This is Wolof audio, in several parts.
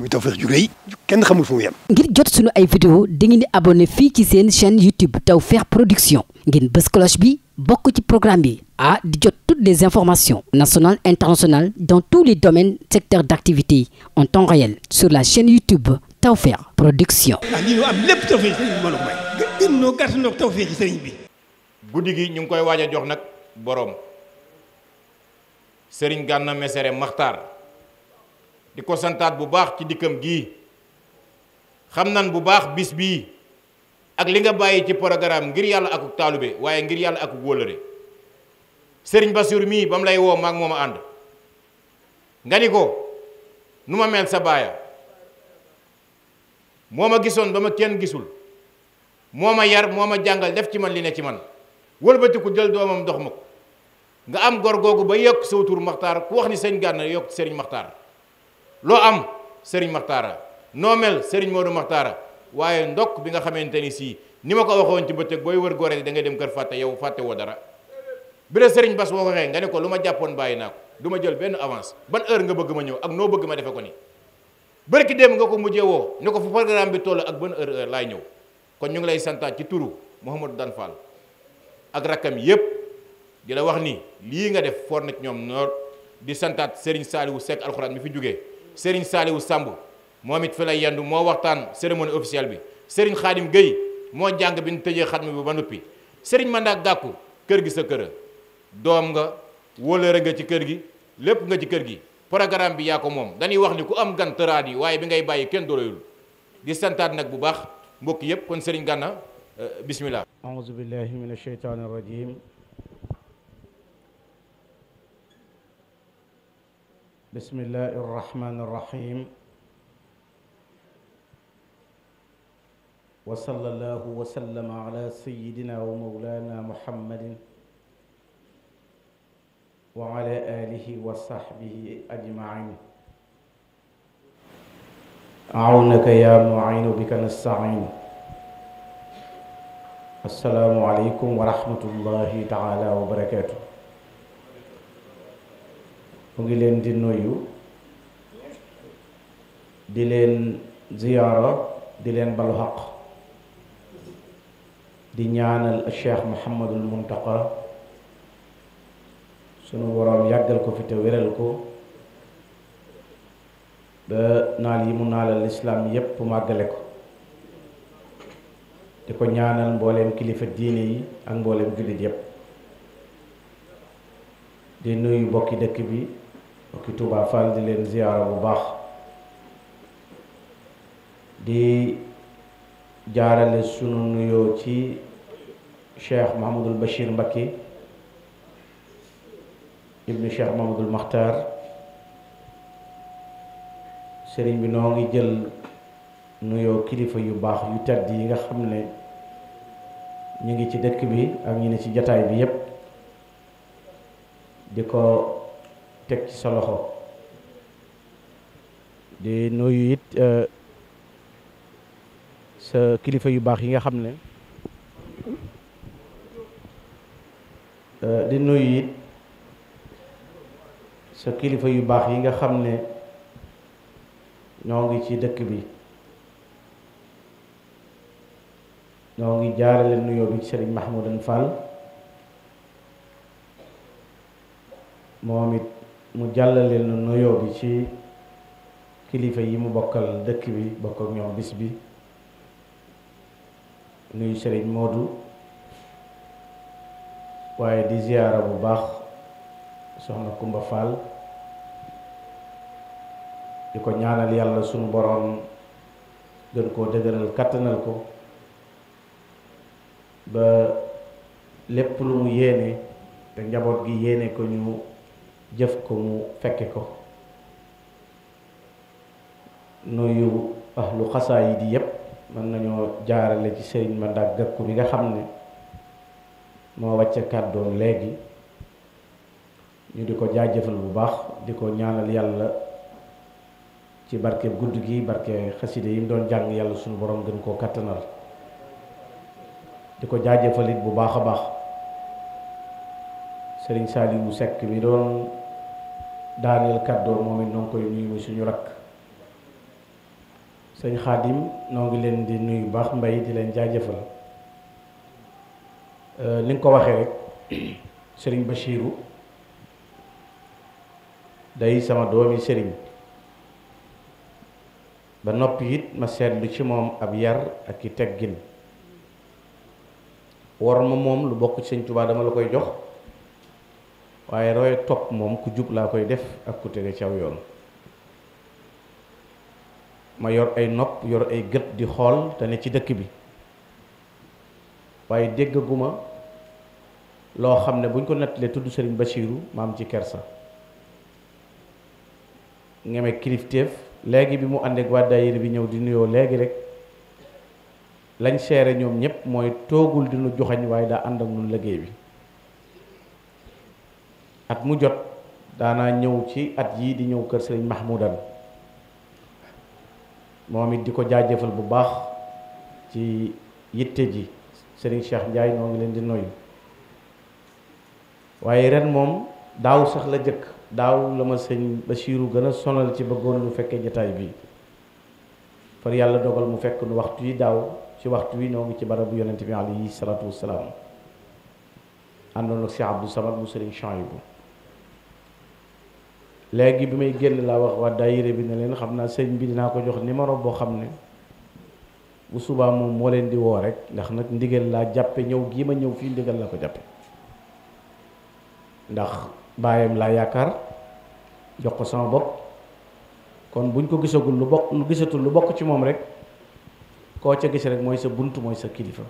muy Tawfekh ju rëy kenn xamul fu mu ngir jot sunu ay vidéo dangeen di abonné fii ci seen chaîne YouTube Tawfekh Production ngeen bës bi bokk ci programme bi a di jot toutes les informations nationales internationales dans tous les domaines secteurs d'activité en temps réel sur la chaîne YouTube Tawfekh Production. ah lii ñu am lépp Tawfekh sëriñ bi may. gën noo gàtt guddi gi ñu ngi koy waaj a jox nag boroom Serigne Ganna Messere Makhtar. di ko santaat bu baax ci dikkam gii xam nan bu baax bis bii ak li nga bàyyi ci programme ngir yàlla akuk taalube waaye ngir yàlla akuk wóllëre sëriñ Basiir mii ba mu lay woo maag mooma ànd nga ni ko nu ma mel sa baaya moo ma gisoon ba ma kenn gisul moo ma yar moo ma jàngal def ci man li ne ci man wëlbatiku jël doomam ndox ma ko nga am gor googu ba yokk sa wutur maxtaar ku wax ni sëñ Gana yokk sëriñ maxtaar loo am Serigne Maxtaara noo mel Serigne Modou Maxtaara waaye ndokk bi nga xamante ni sii ni ma ko waxoon ci bëccëg booy wër gore da ngay dem kër fàtte yow fàtte woo dara bi la Serigne Bass boo waxee nga ne ko lu ma jàppoon bàyyi naa ko du ma jël benn avance ban heure nga bëgg ma ñëw ak noo bëgg ma defe ko ni bërki dem nga ko mujje woo ne ko fu programme bi toll ak ban heure heure laay ñëw kon ñu ngi lay santaat ci turu Mouhamadou Dan Fall ak rakkam yépp di wax ni lii nga def for na ñoom noor di santaat Serigne Saliou Seck alxuraan mi fi jógee Serigne Saliou Samb moom it fi lay yendu moo waxtaan cérémonie officielle bi Serigne Khadim Gueye moo jàng bi ñu tëjee xatmi bi ba noppi Serigne Mandak Gàkku kër gi sa kër doom nga wóolëre nga ci kër gi lépp nga ci kër gi programme bi yaa ko moom dañuy wax ni ku am gan tëraat yi waaye bi ngay bàyyi kenn doroyul di santaat nag bu baax mbokk yëpp kon Serigne Gana euh, bismillah aouzu billahi min alsheytani irrajim بسم الله الرحمن الرحيم وصلى الله وسلم على سيدنا ومولانا محمد وعلى آله وصحبه أجمعين أعونك يا معين بك نستعين السلام عليكم ورحمة الله تعالى وبركاته mu ngi leen di nuyu di leen ziyaara di leen balu xaq di ñaanal cheikh Mouhamadul Muntaqa sunu boroom yàggal ko fi te wéral ko ba naal yi mu naalal lislaam yépp màggale ko di ko ñaanal mbooleem kilifa diine yi ak mbooleem jullit yépp di nuyu bokki dëkk bi mbokki Touba Fall di leen ziyaara bu baax di jaarale sunu nuyoo ci Cheikh Mouhamadul Bachir Mbacke ibnu Cheikh Mouhamadul Makhtar sëriñ bi noo ngi jël nuyoo kilifa yu baax yu tedd yi nga xam ne ñu ngi ci dëkk bi ak ñu ne ci jataay bi yépp di ko teg ci sa loxo di nuyu it euh, sa kilifa yu baax yi nga xam ne euh, di nuyu it sa kilifa yu baax yi nga xam ne ñoo ngi ci dëkk bi ñoo ngi jaarale nuyoo bi ci Serigne Mahmoudan moom it mu jàllaleel na nuyoo bi ci kilifa yi mu bokkal dëkk bi bokk ak ñoom bis bi nuyu sëriñ Moodu waaye di ziyaara bu baax soxna Kumba Fall di ko ñaanal yàlla sunu boroom gën koo dëgëral kàttanal ko ba lépp lu mu yéene te njaboot gi yéene ko ñu jëf ko mu fekke ko nuyu ahlu xasaayid yi di yépp mën nañoo jaarale ci sëriñ ma ndax gàkku bi nga xam ne moo wàcce kàddoom léegi ñu di ko jaajëfal bu baax di ko ñaanal yàlla ci barke gudd gi barke xaside yi mu doon jàng yàlla suñu boroom gën koo kattanal di ko jaajëfalit bu baax a baax sëriñ Saliou Seck mi doon daaneel kàddoo moom it noo koy nuyu suñu rakk sëñ xaadim noo ngi leen di nuyu baax mbay di leen jaajëfal euh, ni nga ko waxee rek sëriñ siiru day sama doomi sëriñ ba noppi it ma seetlu ci moom ab yar ak i teggin war ma moom lu bokk ci sëñ dama la koy jox waaye roy topp moom ku jub laa koy def ak ku tege yoon ma yor ay nopp yor ay gët di xool te ne ci dëkk bi waaye déggaguma loo xam ne buñ ko nettalee tudd Sëriñ Bachiru maam ci kersa ngeme kilifteef léegi bi mu àndeek ak waa daayira bi ñëw di nuyoo léegi rek lañ seere ñoom ñëpp mooy toogul di nu joxañ waaye daa ànd ak nun liggéey bi at mu jot daanaa ñëw ci at yii di ñëw kër sëriñ Mahmoudan moom it di ko jaajëfal bu baax ci yitte ji sëriñ Cheikh Ndiaye noo ngi leen di nuyu waaye ren moom daaw sax la jëkk daaw la ma sëñ Basiiru gën a sonal ci bëggoon lu fekkee jataay bi far yàlla dogal mu fekk nu waxtu yi daaw ci waxtu wi noo ngi ci barabu yonent bi alayhi salaatu wassalaam àndoon ak Cheikh Abdou Samad mu sëriñ Chouaïbou léegi bi may génn laa wax waa daayira bi ne leen xam naa sëñ bi dinaa ko jox numéro boo xam ne bu subaa moom moo leen di woo rek ndax nag ndigal laa jàppe ñëw gii ma ñëw fii ndigal laa ko jàppe ndax baayam laa yaakaar jox ko sama bopp kon buñ ko gisagul lu bokk lu gisatul lu bokk ci moom rek koo ca gis rek mooy sa bunt mooy sa kilifa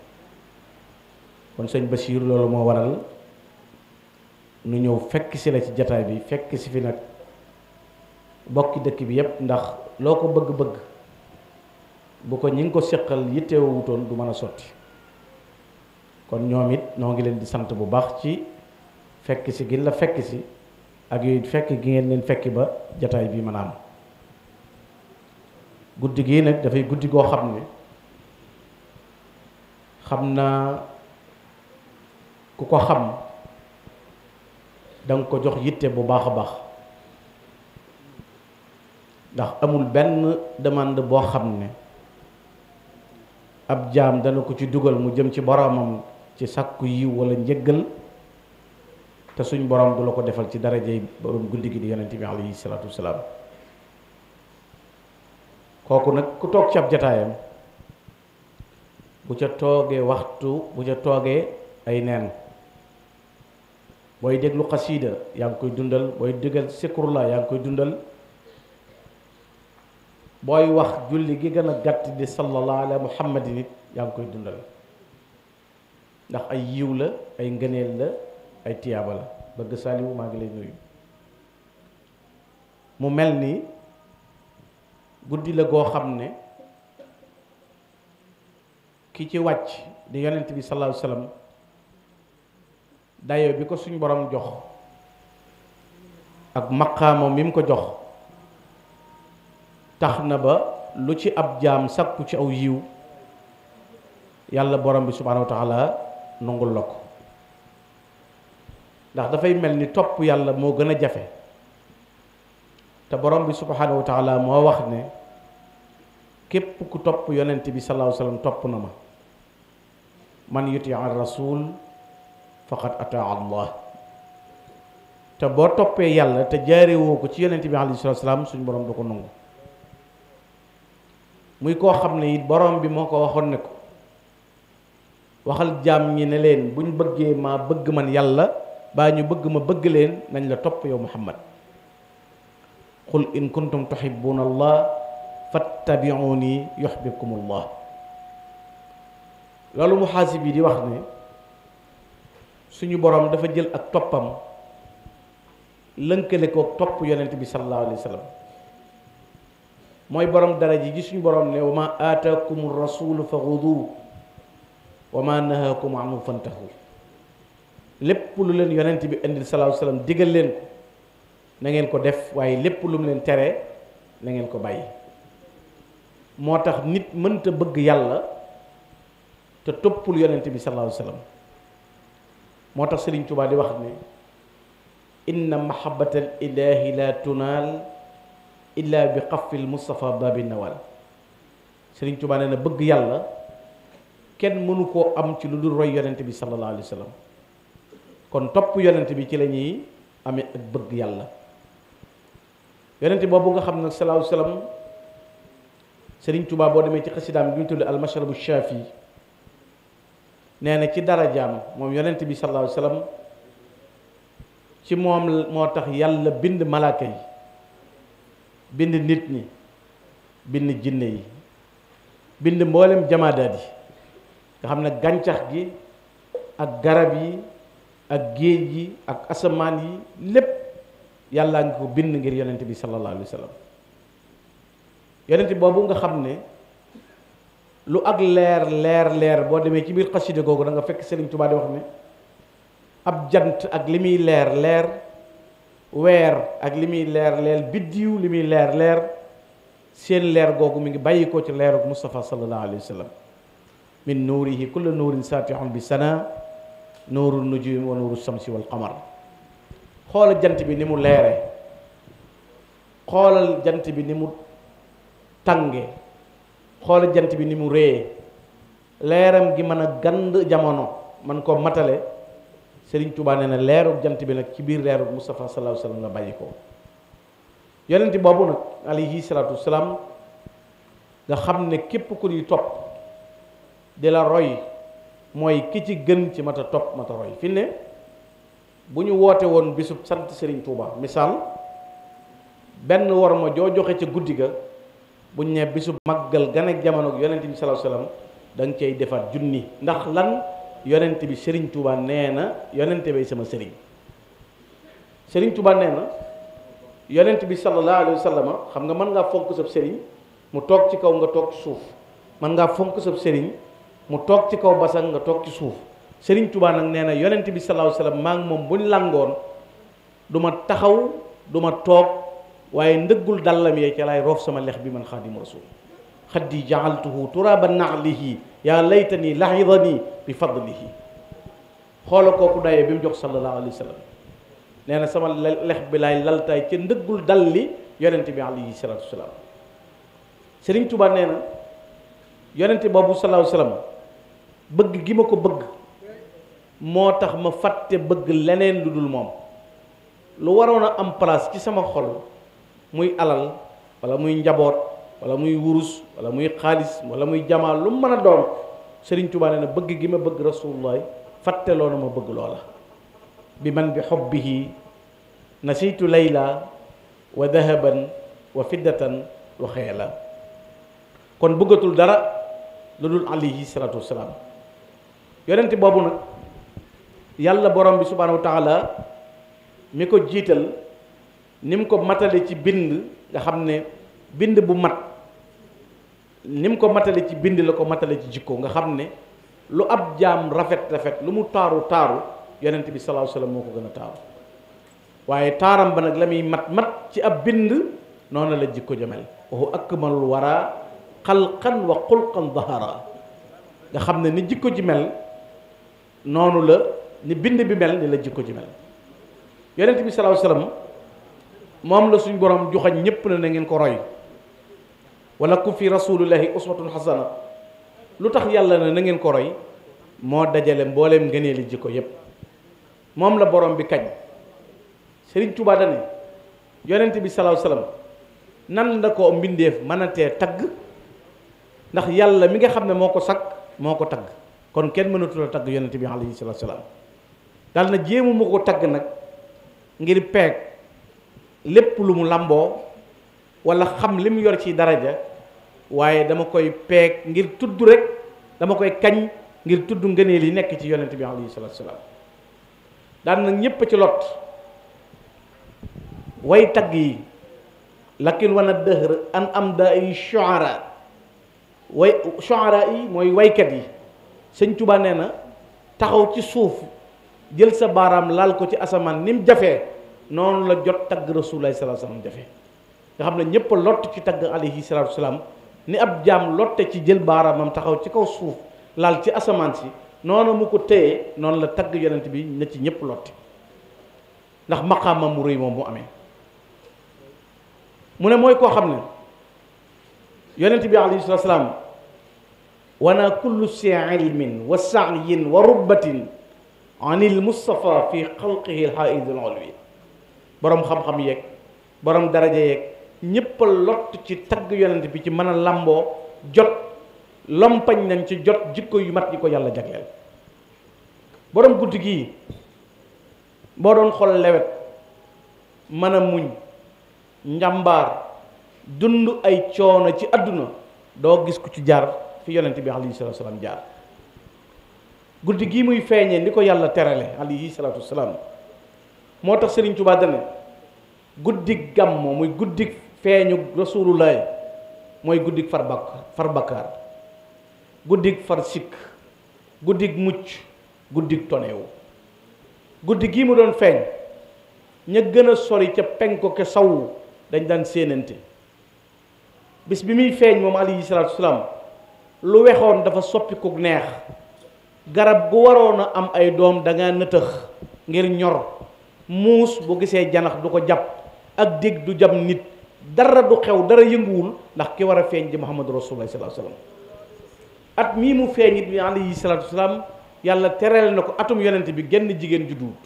kon sëñ Basiir loolu moo waral nu ñëw fekk si la ci jataay bi fekk si fi nag bokki dëkk bi yépp ndax loo ko bëgg-bëgg bu ko ñi ngi ko seqal yitteewu wutoon du mën a sotti kon ñoom it noo ngi leen di sant bu baax ci fekk si gin la fekk si ak yooyu fekk gi ngeen leen fekki ba jataay bi mën a am guddi gii nag dafay guddi goo xam ne xam naa ku ko xam danga ko jox yitte bu baax a baax ndax amul benn demande boo xam ne ab jaam dana ko ci dugal mu jëm ci boroomam ci sàkku yiw walla njëggal te suñ borom du la ko defal ci darajey borom guddi gi di yonente bi alayhi salaatu wasalaam kooku nag ku toog ci ab jataayam bu ca toogee waxtu bu ca toogee ay neen booy déglu xasiida yaa ngi koy dundal booy déggal sikrullah yaa ngi koy dundal booy wax julli gi gën a gàtt di sallallahu ala muhammadin it yaa ngi koy dundal ndax ay yiw la ay ngëneel la ay tiyaaba la bëgg saaliwu maa ngi lay nuyu mu mel ni guddi la goo xam ne ki ci wàcc di yonent bi sallallahu alayhi dayo bi ko suñ borom jox ak maqaamam mi mu ko jox tax na ba lu ci ab jaam sakku ci aw yiw yàlla borom bi subhaanahu wa taala nangul la ko ndax dafay mel ni topp yàlla moo gën a jafe te borom bi subhaanahu wa moo wax ne képp ku topp yonent bi sallallahu alayhi topp na ma man yuti ar rasul faqad ataa allah te boo toppee yàlla te jaarewoo ko ci yonent bi alayhi salaam suñu borom da ko nangu muy koo xam ne it boroom bi moo ko waxoon ne ko waxal jaam ñi ne leen buñ bëggee ma bëgg man yàlla baa ñu bëgg ma bëgg leen nañ la topp yow muhammad qul in kuntum tuhibbuna allah fattabi'uni yuhibbukum allah loolu muhaasib yi di wax ne suñu borom dafa jël ak toppam lënkale ko topp yonent bi sallallahu alayhi wa mooy borom daraji ji suñu borom ne wa ma aataakum rasulu fa xudu wa ma nahaakum mu fantahu lépp lu leen yonent bi indi salaahu salaam digal leen ko na ngeen ko def waaye lépp lu mu leen tere na ngeen ko bàyyi moo tax nit mënta bëgg yàlla te toppul yonent bi salaahu salaam moo tax Sëriñ Tuubaa di wax ne inna mahabbatal ilaahi la tunaal illa bi xafil Moustapha babi nawal Sëriñ Tuubaa nee na bëgg yàlla kenn mënu koo am ci lu dul roy yonent bi sallallahu alayhi wa kon topp yonent bi ci la ñuy amee ak bëgg yàlla yonent boobu nga xam nag sallallahu alayhi wa sallam Sëriñ Tuubaa boo demee ci xasidaam bi ñu tudd almashrabu shaafi nee na ci dara darajaam moom yonent bi sallallahu alayhi ci moom moo tax yàlla bind malaaka yi bind nit ñi bind jinne yi bind mboolem jamaadaat yi nga xam ne gàncax gi ak garab yi ak géej yi ak asamaan yi lépp yàllaa ngi ko bind ngir yonent bi sallallahu alayhi wa sallam yonent boobu nga xam ne lu ak leer leer leer boo demee ci biir xasida googu danga fekk Sëriñ Tuubaa di wax ne ab jant ak li muy leer leer weer ak li muy leer leer biddiw li muy leer leer seen leer googu mu ngi bàyyikoo ci leerug Mustafa sallallahu alayhi mi sallam min nuurihi kullu nuurin saatihun bi sana nuuru nujum wa nuuru samsi wal qamar xoolal jant bi ni mu leere xoolal jant bi ni mu tànge xoolal jant bi ni mu réye leeram gi mën a gand jamono man koo matale Sëriñ Tuubaa nee na leerul jant bi nag ci biir leerub Moustapha sallallahu alayhi wa sallam la bàyyi ko yonent boobu nag alayhi salaam nga xam ne képp ku di topp di la roy mooy ki ci gën ci mat a topp mat roy fi bu ñu woote woon bisub sant Sëriñ Tuubaa misaal benn war ma joo joxe ca guddi ga bu ñu ne bisub màggal gan jamono ak yonent bi sallallahu alayhi wa sallam da nga defaat junni ndax lan yonent bi sëriñ Touba nee na yonent bi sama sëriñ sëriñ Touba nee na yonent bi sallallahu alayhi wa sallam xam nga mën ngaa fonk sab sëriñ mu toog ci kaw nga toog ci suuf mën ngaa fonk sab sëriñ mu toog ci kaw basan nga toog ci suuf sëriñ Touba nag nee na yonent bi sallallahu alayhi wa maa ngi moom buñ langoon du ma taxaw duma toog waaye ndëggul dàllam yee ca laay roof sama lex bi man xaadimu rasul xaddi jaaltuhu turaba naxlihi yaa laytani lahidani bi fadlihi xoola kooku dayee bi mu jox sallallahu alayhi wa nee na sama lex bi laay laltaay ca ndëggul dal li yonent bi alayhi salatu wasalaam sëriñ Tuuba yonent boobu sallallahu alayhi bëgg gi ma ko bëgg moo tax ma fàtte bëgg leneen lu dul moom lu waroon a am place ci sama xol muy alal walla muy njaboot wala muy wurus wala muy xaalis wala muy jamaa lu mën a doon sëriñ Tuubaa nee na bëgg gi ma bëgg rasulullahi fàtte loo na ma bëgg loola bi man bi xobbihi nasiitu layla wa dahaban wa fiddatan wa xeela kon bëggatul dara lu dul alayhi salaatu wasalaam yonent boobu nag yàlla borom bi subhaanahu wa taala mi ko jiital ni mu ko matale ci bind nga xam ne bind bu mat ni mu ko matale ci bind la ko matale ci jikko nga xam ne lu ab jaam rafet rafet lu mu taaru taaru yonent bi salaahu salaam moo ko gën a taaru waaye taaram ba nag la muy mat mat ci ab bind noonu la jikko jomel waxu akmalul wara xalqan wa xulqan zahara xam ne ni jikko ji mel noonu la ni bind bi mel ni la jikko ci mel yonent bi salaahu salaam moom la suñ borom joxañ ñépp na na ngeen ko roy walakum fi rasulillahi uswatun hasana lu tax yàlla ne na ngeen ko roy moo dajale mbooleem ngëneeli ko yépp moom la borom bi kañ Sëriñ Tuubaa dane yonent bi salaaw salaam nan la ko mbindeef mën a tee tagg ndax yàlla mi nga xam ne moo ko sakk moo ko tagg kon kenn mënatul tagg yonent bi alayhi salaatu salaam dal na jéemu mu ko tagg nag ngir peeg lépp lu mu làmboo walla xam li mu yor ci daraja waaye dama koy peeg ngir tudd rek dama koy kañ ngir tudd ngëneel li nekk ci yonent bi alayhi salaatu salaam daan na ñépp ci lot way tagg yi lakin wana dëhër an am da ay shuara way shuara yi mooy waykat yi sëñ Tuba nee na taxaw ci suuf jël sa baaraam laal ko ci asamaan ni mu jafee noonu la jot tagg rasulullah sallallahu alayhi wasallam jafe nga xam ne ñépp a ci tagg alayhi salaatu salaam ni ab jaam lotte ci jël baaraamam taxaw ci kaw suuf laal ci asamaan si noonu mu ko téye noonu la tagg yonent bi na ci ñëpp lotte ndax maqaamam mu rëy moom mu amee mu ne mooy koo xam ne yonent bi alayhi salaatu wana kullu siilmin wa saayin wa rubbatin an il mustafa fi xalqihi al xaaidul bi boroom xam-xam yeeg boroom daraja yeeg ñëpp a lott ci tagg yonent bi ci mën a làmboo jot lompañ nañ ci jot jikko yu mat yi ko yàlla jagleel borom guddi gii boo doon xol lewet mën a muñ njàmbaar dund ay coono ci àdduna doo gis ku ci jaar fi yonent bi alayhi salatu salaam jaar guddi gii muy feeñee ni ko yàlla terale alayhi salatu salaam moo tax Sëriñ Tuubaa dane guddig gàmmo muy guddig feeñu rasulullah mooy guddik far bak far bakkaar far sikk guddik mucc guddi tonewu guddi gii mu doon feeñ ña gën a sori ca penko ke saw dañ daan séenante bis bi muy feeñ moom alayhi salaatu salaam lu wexoon dafa soppi ku neex garab gu waroon a am ay doom da nëtëx ngir ñor muus bu gisee janax du ko jàpp ak dég du jam nit dara du xew dara yënguwul ndax ki war a feeñ di muhammadu rasulullah sallallahu alayhi wasallam at mii mu feeñ it bi alayhi salaatu wasalaam yàlla tereel na ko atum yonent bi genn jigéen judduwut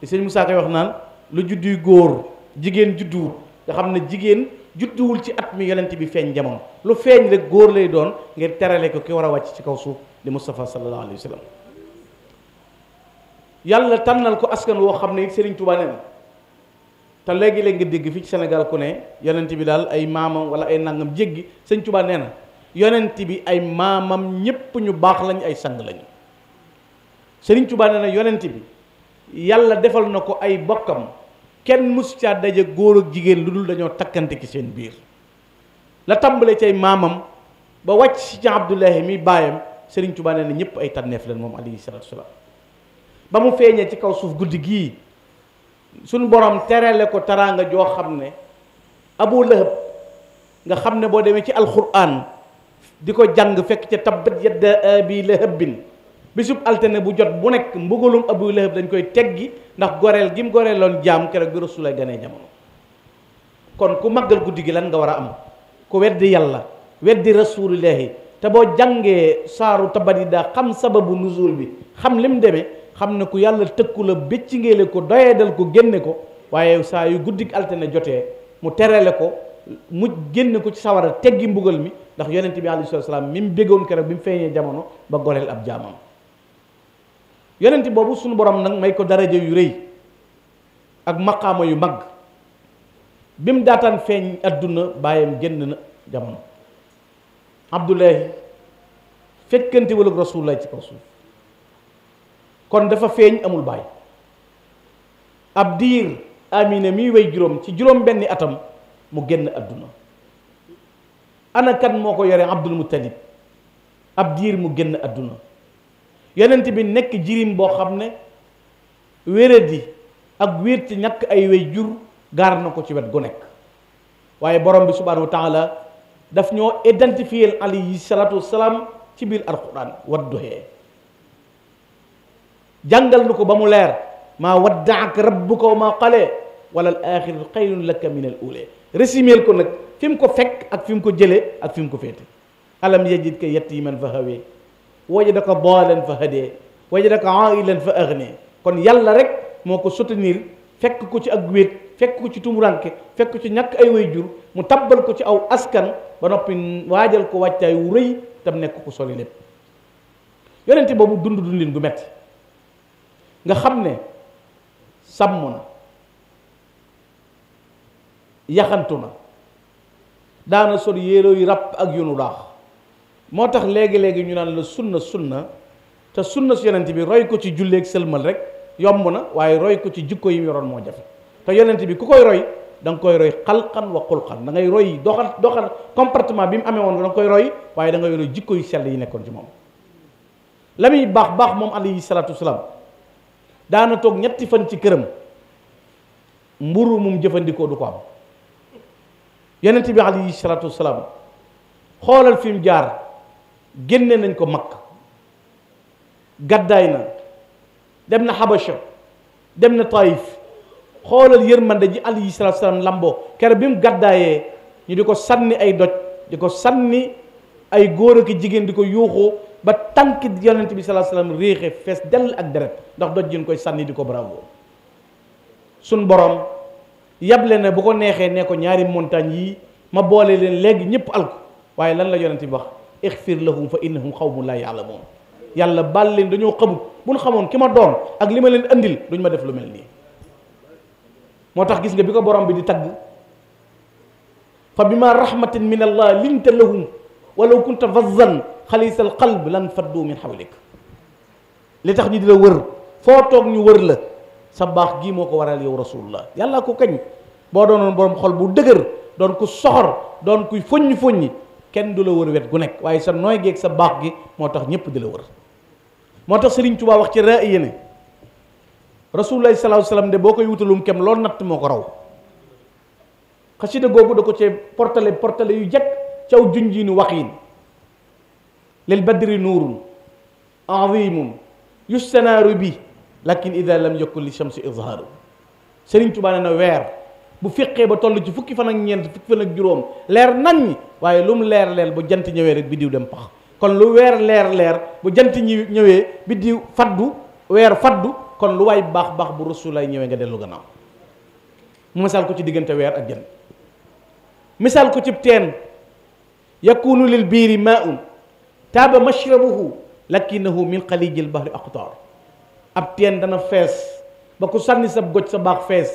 te sëñ Moussa Ka wax naan lu judduy góor jigéen judduwut nga xam ne jigéen judduwul ci at mi yonent bi feeñ jamono lu feeñ rek góor lay doon ngir terale ko ki war a wàcc ci kaw suuf di Moustapha sallallahu alayhi wasallam yàlla tànnal ko askan woo xam ne it Serigne Touba te léegi-léegi nga dégg fii ci Sénégal ku ne yonent bi daal ay maamam wala ay nangam jéggi sëñ Tuubaa nee na yonent bi ay maamam ñépp ñu baax lañ ay sang lañu sëriñ Tuubaa nee na yonent bi yàlla defal na ko ay bokkam kenn mus caa daje góor ak jigéen lu dul dañoo takkante ki seen biir la tàmbalee cay maamam ba wàcc ci Abdullahi mi baayam sëriñ Tuubaa nee na ñëpp ay tànneef leen moom alayhi salaatu ba mu feeñee ci kaw suuf guddi gii suñ borom terale ko taraanga joo xam ne abu lahab nga xam ne boo demee ci alquran di ko jàng fekk ca tabbat yadda abi lahabin bisub altine bu jot bu nekk mbugalum abu lahab dañ koy teggi ndax goreel gi mu goreeloon jaam keroog bi rasulullah ganee jamono kon ku màggal guddi gi lan nga war a am ku weddi yàlla weddi rasulillahi te boo jàngee saaru tabbat yi daa xam sababu nuzul bi xam lim demee xam ne ku yàlla tëkku la béccingeele ko doyedal ko génne ko waaye saa yu guddi altine jotee mu terale ko mu génne ko ci sawara teggi mbugal mi ndax yonent bi alayhi salaam mi mu béggoon keroog bi mu feeñee jamono ba goleel ab jaamam yonent boobu suñu borom nag may ko daraja yu rëy ak maqaama yu mag bi mu daataan feeñ adduna bàyyam génn na jamono abdoulaye fekkante walug rasulullah ci kaw suuf kon dafa feeñ amul baay ab diir amina mi way juróom ci juróom benni atam mu génn àdduna ana moo ko yore abdul muttalib ab diir mu génn àdduna yonent bi nekk jirim boo xam ne wéradi ak wér ci ay way jur gaar na ko ci wet gu nekk waaye borom bi subhanahu wa daf ñoo identifier alayhi salaatu wasalaam ci biir alquran wadduhee jàngal nu ko ba mu leer maa waddaak rabbuka wa maa qalee wala al axiratu xayrun laka min al ulee résimeel ko nag fi mu ko fekk ak fi mu ko jëlee ak fi mu ko féete alam yajidka ko fa hawee wajadaka daalan fa hadee wajadaka ailan fa aghnee kon yàlla rek moo ko soutenir fekk ko ci ak wéet fekk ko ci tumuranke fekk ko ci ñàkk ay wayjur mu tabbal ko ci aw askan ba noppi waajal ko wàccaay wu rëy tam nekk ko soli lépp yonente boobu dund dundin gu metti nga xam ne sàmm na yaxantu na daana sol yéeroo yu ràpp ak yu nu laax moo tax léegi-léegi ñu naan la sun na sun na te sunna su yonent bi roy ko ci julleek sëlmal rek yomb na waaye roy ko ci jikko yi mu yoroon moo jafe te yonent bi ku koy roy da koy roy xalqan wa xulqan da ngay roy doxal doxan comportement bi mu amee woon da nga koy roy waaye da ngay roy jikko yu sell yi nekkoon ci moom la muy baax baax moom alayhi salaatu wasalaam daana toog ñetti fan ci këram mburu mu jëfandikoo du ko am yonent bi alayhi salaatu wasalaam xoolal fi mu jaar génne nañ ko mag gàddaay na dem na xabasha dem na taif xoolal yërmande ji alayhi salaatu wasalaam lamboo kere bi mu gàddaayee ñu di ko sànni ay doj di ko sànni ay góor ak jigéen di ko yuuxu ba tànk yonent bi salaa salaam réexe fees dell ak deret ndax doj jin koy sànni di ko bravo suñ borom yable na bu ko neexee ne ko ñaari montagne yi ma boole leen léegi ñëpp alko waaye lan la yonent bi wax ixfir lahum fa innahum xawmun laa yaalamoon yàlla baal leen dañoo xamut bu ñu xamoon ki ma doon ak li ma leen andil duñ ma def lu mel nii moo tax gis nga bi ko borom bi di tagg fa bi ma rahmatin min allah linta lahum walaw kunta fazzan xalisal qalb lan faddu min xawlik li tax ñu di wër foo ñu wër la sa baax gii moo ko waral yow rasulullah yàlla ko kañ boo doonoon borom xol bu dëgër doon ku soxor doon kuy foññ foññi kenn du la wër wet gu nekk waaye sa nooy geeg sa baax gi moo tax ñëpp di la wër moo tax Sëriñ Tuubaa wax ci raa yéene rasulullah sallallahu alayhi wasallam de boo koy wutalum kem loolu natt moo ko raw xasida googu da ko cee portale portale yu jekk caw junjiinu waxiin lil badri nuurun azimun yustanaaru bi lakin ida lam yakun li shamsi izhaaru Sëriñ Tuubaa nee na weer bu fekkee ba toll ci fukki fan ak ñeent fukki fan ak juróom leer nañ waaye lu leer leer bu jant ñëwee rek biddiw dem pax kon lu weer leer leer bu jant ñi ñëwee biddiw faddu weer faddu kon lu waay baax baax bu rusu lay ñëwee nga dellu gannaaw mu misaal ko ci diggante weer ak jant misaal ko ci teen yakunu lil biiri maun taaba mashrabuhu lakinahu min xalijil bahri aqtar ab teen dana fees ba ku sànni sa goj sa baax fees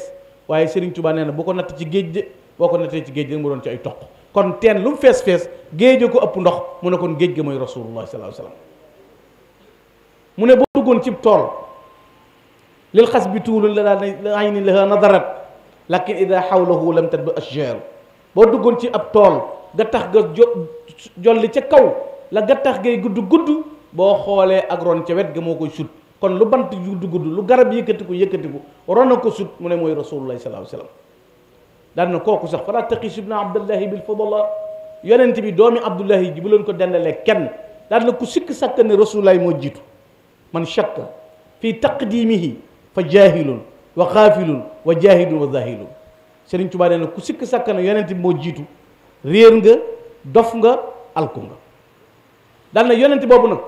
waaye Serigne Touba nee na bu ko natt ci géej de boo ko nattee ci géej de mu doon ci ay toq kon teen lu mu fees fees géej ko ëpp ndox mu ne koon géej ga mooy rasulullah sallallahu alayhi wasallam mu ne boo duggoon cib tool lil xas bi tuulu la daa ayni laha nadarat ida xawlahu lam tadba ashjar boo duggoon ci ab tool gattax ga jo jolli ca kaw la gattax gay gudd gudd boo xoolee ak ron ca wet ga moo koy sut kon lu bant gudd gudd lu garab yëkkatiku yëkkatiku ron a ko sut mu ne mooy rasulullahi sallallahu alayhi wasallam daan na kooku sax fala taqis ibna abdullahi bil fadala yonent bi doomi abdullahi ji bu leen ko dendalee kenn daan na ku sikk sàkk ne rasulullahi moo jiitu man shakka fii taqdimihi fa jahilun wa xaafilun wa jahilun wa zahilun Serigne Touba nee na ku sikk sàkk ne yonent bi moo jiitu réer nga dof nga alku nga dal na yonent boobu nag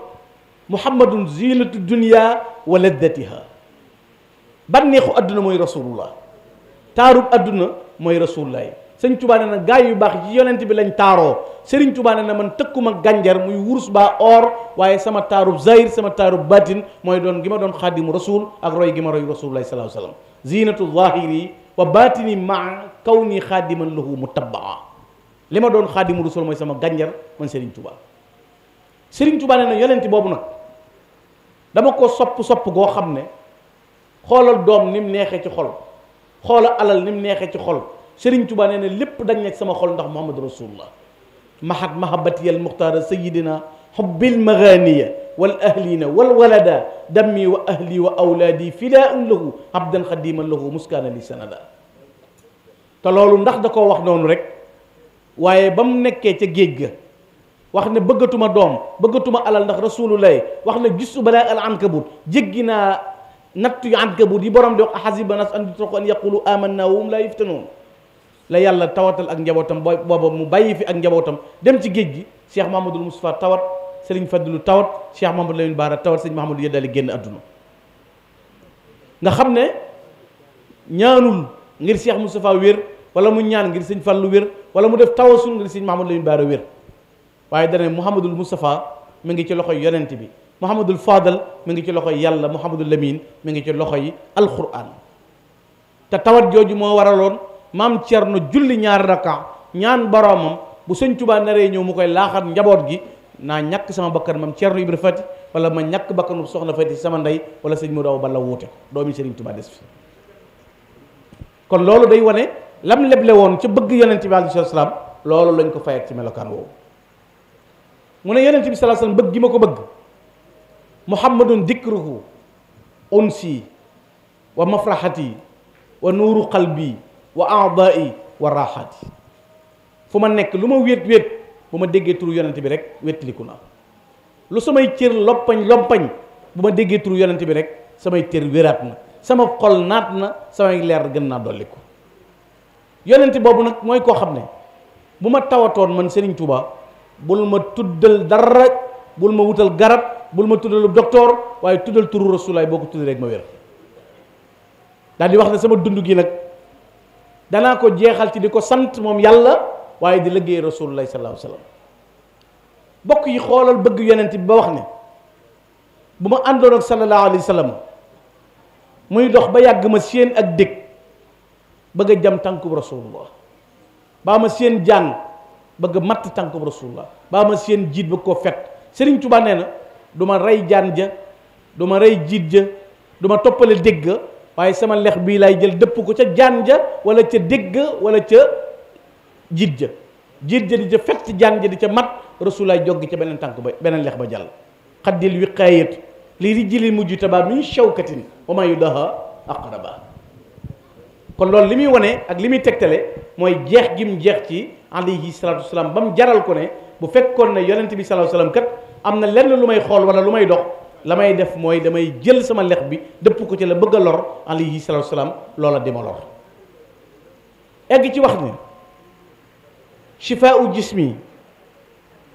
muhammadun zinatu dunia wa laddatiha bànneexu àdduna mooy rasulullah taarub àdduna mooy rasulullah yi sëñ tubaa ne na gaay yu baax ci yonent bi lañ taaroo sëriñ tubaa ne na man tëkkuma gànjar muy wurus baa or waaye sama taarub zahir sama taarub batin mooy doon gi ma doon xaadimu rasul ak roy gi ma roy rasulullah sallallahu alayhi wa sallam zinatu zahiri wa batini maa kaw nii xaadiman lahu mutabaa li ma doon xaadimu rasul mooy sama gànjar man seriñ Touba Serigne Touba nee na yonent boobu nag dama ko sopp sopp goo xam ne xoolal doom ni mu neexee ci xol xoolal alal ni mu neexee ci xol Serigne Touba nee na lépp dañ nekk sama xol ndax Muhammad rasulullah mahat mahabatiyal muxtaara sayidina xubbil maganiya wal ahlina wal walada dammi wa ahli wa awlaadi fidaa lahu abdan xadiman lahu muskaana li sanada te loolu ndax da koo wax noonu rek waaye ba mu nekkee ca géej ga wax ne bëggatuma doom bëggatuma alal ndax rasulullah wax ne gisu balaa al ankabut jéggi naa natt yu ankabut yi borom di wax ahasiba nas an yutraku an yaqulu amanna wa hum laa yuftanuun la yàlla tawatal ak njabootam booba mu bàyyi fi ak njabootam dem ci géej gi Cheikh Mahamadul Moustapha tawat Serigne lu tawat Cheikh Mahamadou Lamine Bara tawat Serigne Mahamadou Yadali génn àdduna nga xam ne ñaanul ngir Cheikh Moustapha wér wala mu ñaan ngir sëñ lu wér wala mu def tawasul ngir sëñ Mahamadou Lamine Bara wér waaye dane Mouhamadul Moustapha mi ngi ci loxoy yonent bi Mouhamadul Fadal mi ngi ci loxoy yàlla Mouhamadul Lamine mi ngi ci loxoy alquran te tawat jooju moo waraloon maam nu julli ñaari raka ñaan boroomam bu sëñ Tuubaa naree ñëw mu koy laaxat njaboot gi naa ñàkk sama bakkan maam Cerno Ibra Fati wala ma ñàkk bakkanu soxna Fati sama ndey wala sëñ mu Awa Balla wuute doomi Sëriñ Tuubaa des fi lam leble woon ci bëgg yonent bi alayhi salaam loolu lañ ko fayat ci melokaan woowu mu ne yonent bi sallallahu alayhi bëgg gi ma ko bëgg muhammadun dikruhu unsi wa mafraxati wa nuuru qalbi wa aadaai wa raaxati fu ma nekk lu ma wéet wéet bu ma déggee turu yonent bi rek wéetliku na lu samay cër lompañ lompañ bu ma déggee tur yonent bi rek samay cër wéraat na sama xol naat na samay leer gën naa dolliku yonent boobu nag mooy koo xam ne bu ma tawatoon man Serigne Touba bul ma tuddal dara bul ma wutal garab bul ma tuddal doktoor waaye tuddal turu rasulaay boo ko tudd rek ma wér daal di wax ne sama dund gi nag danaa ko jeexal ci di ko sant moom yàlla waaye di liggéey rasulullahi sallallahu alayhi wasallam bokk yi xoolal bëgg yonent bi ba wax ne bu ma àndoon ak sallallahu alayhi muy dox ba yàgg ma séen ak dégg bëgg a jam tànkub rasulullah baa ma seen jaan bëgg a matt tànkub rasulullah baa ma seen jiit bëgg koo fet Sëriñ Tuubaa nee na duma rey jaan ja du rey jiit ja du toppale dégg waaye sama lex bii laay jël dëpp ko ca jaan ja wala ca dégg wala ca jiit ja jiit ja di ca fett jaan ja di ca mat rasulaay joggi ca beneen tànk ba beneen lex ba jàll xaddil wiqaayat lii rijli mujj tabaa min shawkatin wa ma yudaha aqraba kon loolu li muy wane ak li muy tegtale mooy jeex gim jeex ci alayhi salaatu wasalaam ba mu jaral ko ne bu fekkoon ne yonent bi salaatu wasalaam kat am na lenn lu may xool wala lu may dox la may def mooy damay jël sama lex bi dëpp ko ci la bëgg a lor alayhi salaatu wasalaam loola di ma lor egg ci wax ni shifaau jismi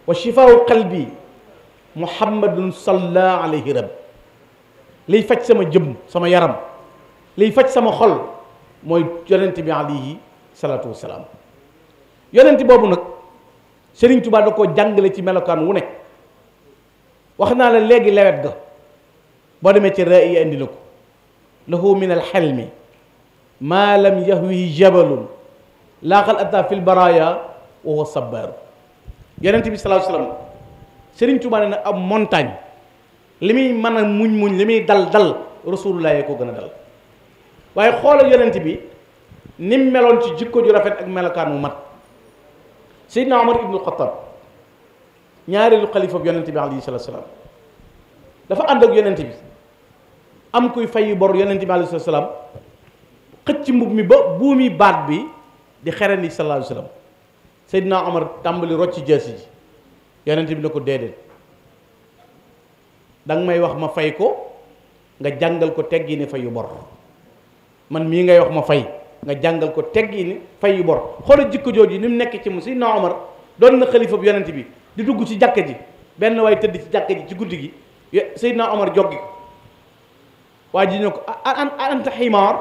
wa shifaau qalbi muhammadun salla alayhi rab liy faj sama jëmm sama yaram liy faj sama xol mooy yonent bi alayhi salaatu wasalaam yonent boobu nag Sëriñ Tuubaa da koo jàngale ci melokaan wu nekk wax naa la léegi lewet ga boo demee ci raa yi indi na ko lahu min alxelmi maa lam yahwihi jabalun laaxal ataa fil baraya wa huwa sabar yonent bi salaa salaam Sëriñ Tuubaa nee na ab montagne li muy mën a muñ muñ li muy dal dal rasulullah ko gën a dal waaye xoolal yonent bi nim meloon ci jikko ju rafet ak melokaan mu mat Seydina Omar ibnu Xattaab ñaareelu xalifa bi yonent bi alayhi dafa ànd ak bi am kuy yu bor yonent bi alayhi salaatu salaam xëcc mbub mi ba buumi baat bi di xeral yi sallallahu alayhi salaam Seydina Omar tàmbali rocci jaasi ji yonent bi ne ko déedéet danga may wax ma fay ko nga jàngal ko teggi ne fayu bor man mii ngay wax ma fay nga jàngal ko teggi ni fay yu bor xoolal jikko jooju ni mu nekk ci mu si na Omar doon na xalifa bu yonent bi di dugg ci jàkka ji benn waay tëdd ci jàkka ji ci guddi gi Seydina Omar joggi ko waa ji ne ko a anta ximaar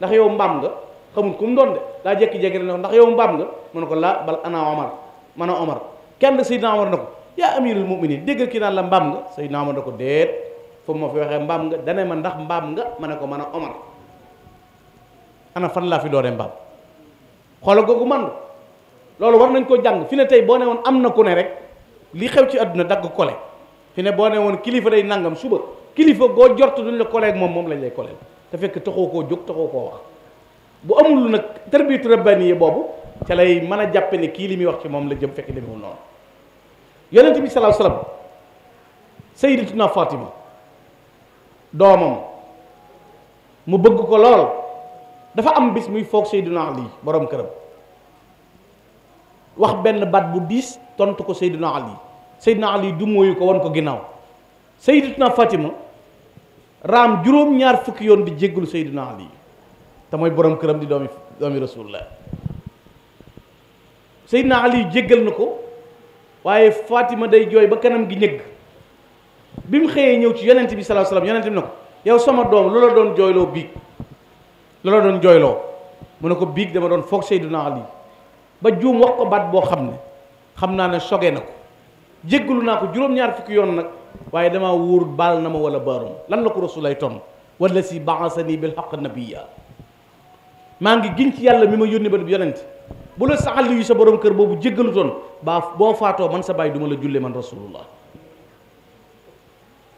ndax yow mbaam nga xamul ku mu doon de daa jékki-jékki ne ndax yow mbaam nga mu ne ko laa bal ana Omar man a Omar kenn Seydina Omar na ko yaa amirul muminin déggal kii naan la mbaam nga Seydina naa na ko déet fu ma fi waxee nga dane ma ndax mbaam nga ma ne ko mën a Omar ana fan laa fi doore mbaam xoola googu man loolu war nañ ko jàng fi ne tey boo ne woon am na ko ne rek li xew ci àdduna dagg kole fi ne boo ne woon kilifa day nangam suba kilifa goo jort duñ la koleeg moom moom lañ lay koleel te fekk taxoo koo jóg taxoo koo wax bu amul nag tarbiyatu rabbani yi boobu ca lay mën a jàppe ne kii li muy wax ci moom la jëm fekk demewu noonu yonent bi sallallahu alayhi wasallam sayyidatuna Fatima doomam mu bëgg ko lool dafa am bis muy foog Seydina Ali borom këram wax benn baat bu diis tontu ko Seydina Ali Seydina Ali du mooyu ko won ko ginnaaw Seydina Fatima raam juróom ñaar fukki yoon bi jéggul Seydina Ali te mooy borom këram di doomi doomi rasulullah Seydina Ali jéggal na ko waaye Fatima day jooy ba kanam gi ñëgg bi mu xëyee ñëw ci yonent bi sallallahu alayhi wasallam yonent bi na ko yow sama doom lu la doon jooyloo biig loola doon jooyloo mu ne ko biig dama doon foog Seydina Ali ba juum wax ko baat boo xam ne xam naa ne soge na ko jéggalu naa ko juróom-ñaar fukki yoon nag waaye dama wóor baal na ma wala baarum lan la ko rasulay ton wala si baasani bil xaq nabiya maa ngi giñ ci yàlla mi ma yónni ba yonent bu la sa sa boroom kër boobu jéggalu toon baa boo faatoo man sa bàyyi du ma la julle man rasulullah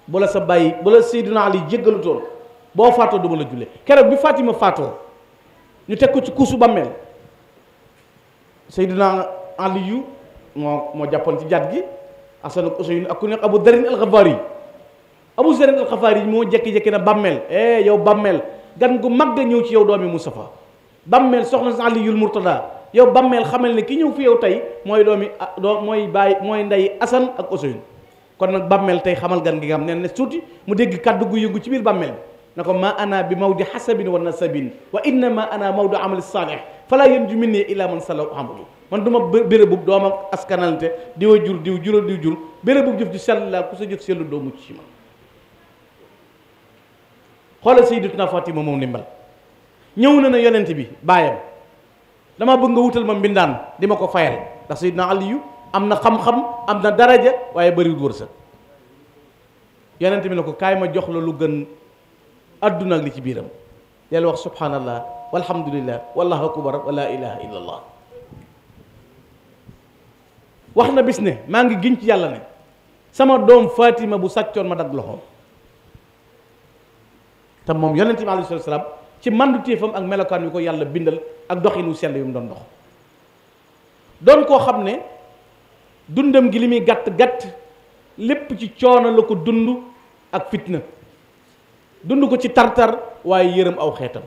bu la sa bàyyi bu la Seydina Ali jéggalu boo faatoo duma la jullee keroog bi ma faatoo ñu teg ko ci kuusu bàmmeel Seydina Aliyu moo moo jàppoon ci jat gi Asan ak Useynu ak ku nekk Abu Darin al-Xafaari yi Abu Darin al moo jekki-jekki na bàmmeel eh yow bàmmeel gan gu mag ñëw ci yow doomi Mustafa bàmmeel soxla si Aliyul Murtada yow bàmmeel xamal ne ki ñëw fi yow tey mooy doomi ah, doo mooy bàyyi mooy ndey Asan ak Useynu kon nag bàmmeel tey xamal gan gi am xam ne suuti mu dégg kàddu gu yëngu ci biir bàmmeel na ko ma ana bi mawdi hasabin wa nasabin wa innama ana mawdu amali saalih fala yanju minni illa man salaw amalu man du ma bérébub dooma askanalante diw a jur ju sell la ku sa jëf sellu doo mucc ci ma xoolal sayyidatuna Fatima moom ndimbal ñëw na ne yonent bi baayam dama bëgg nga wutal ma mbindaan di ma ko fayal ndax sayyidna am na xam-xam am na daraja waaye bëriwul wërsëg yonent bi ne ko kaay ma jox la lu gën àdduna ak li ci biiram yàlla wax subhanallah walhamdulillah wallahu akbar wa laa wax na bis ne maa ngi giñ ci yàlla ne sama doom faatima bu sàccoon ma dagg loxoom te moom yonente bi alayhi salaam ci mandu téefam ak melokaan yu ko yàlla bindal ak doxinu wu sell yu mu doon dox doon koo xam ne dundam gi li muy gàtt gàtt lépp ci coono la ko dund ak fitna dund ko ci tartar waaye yërëm aw xeetam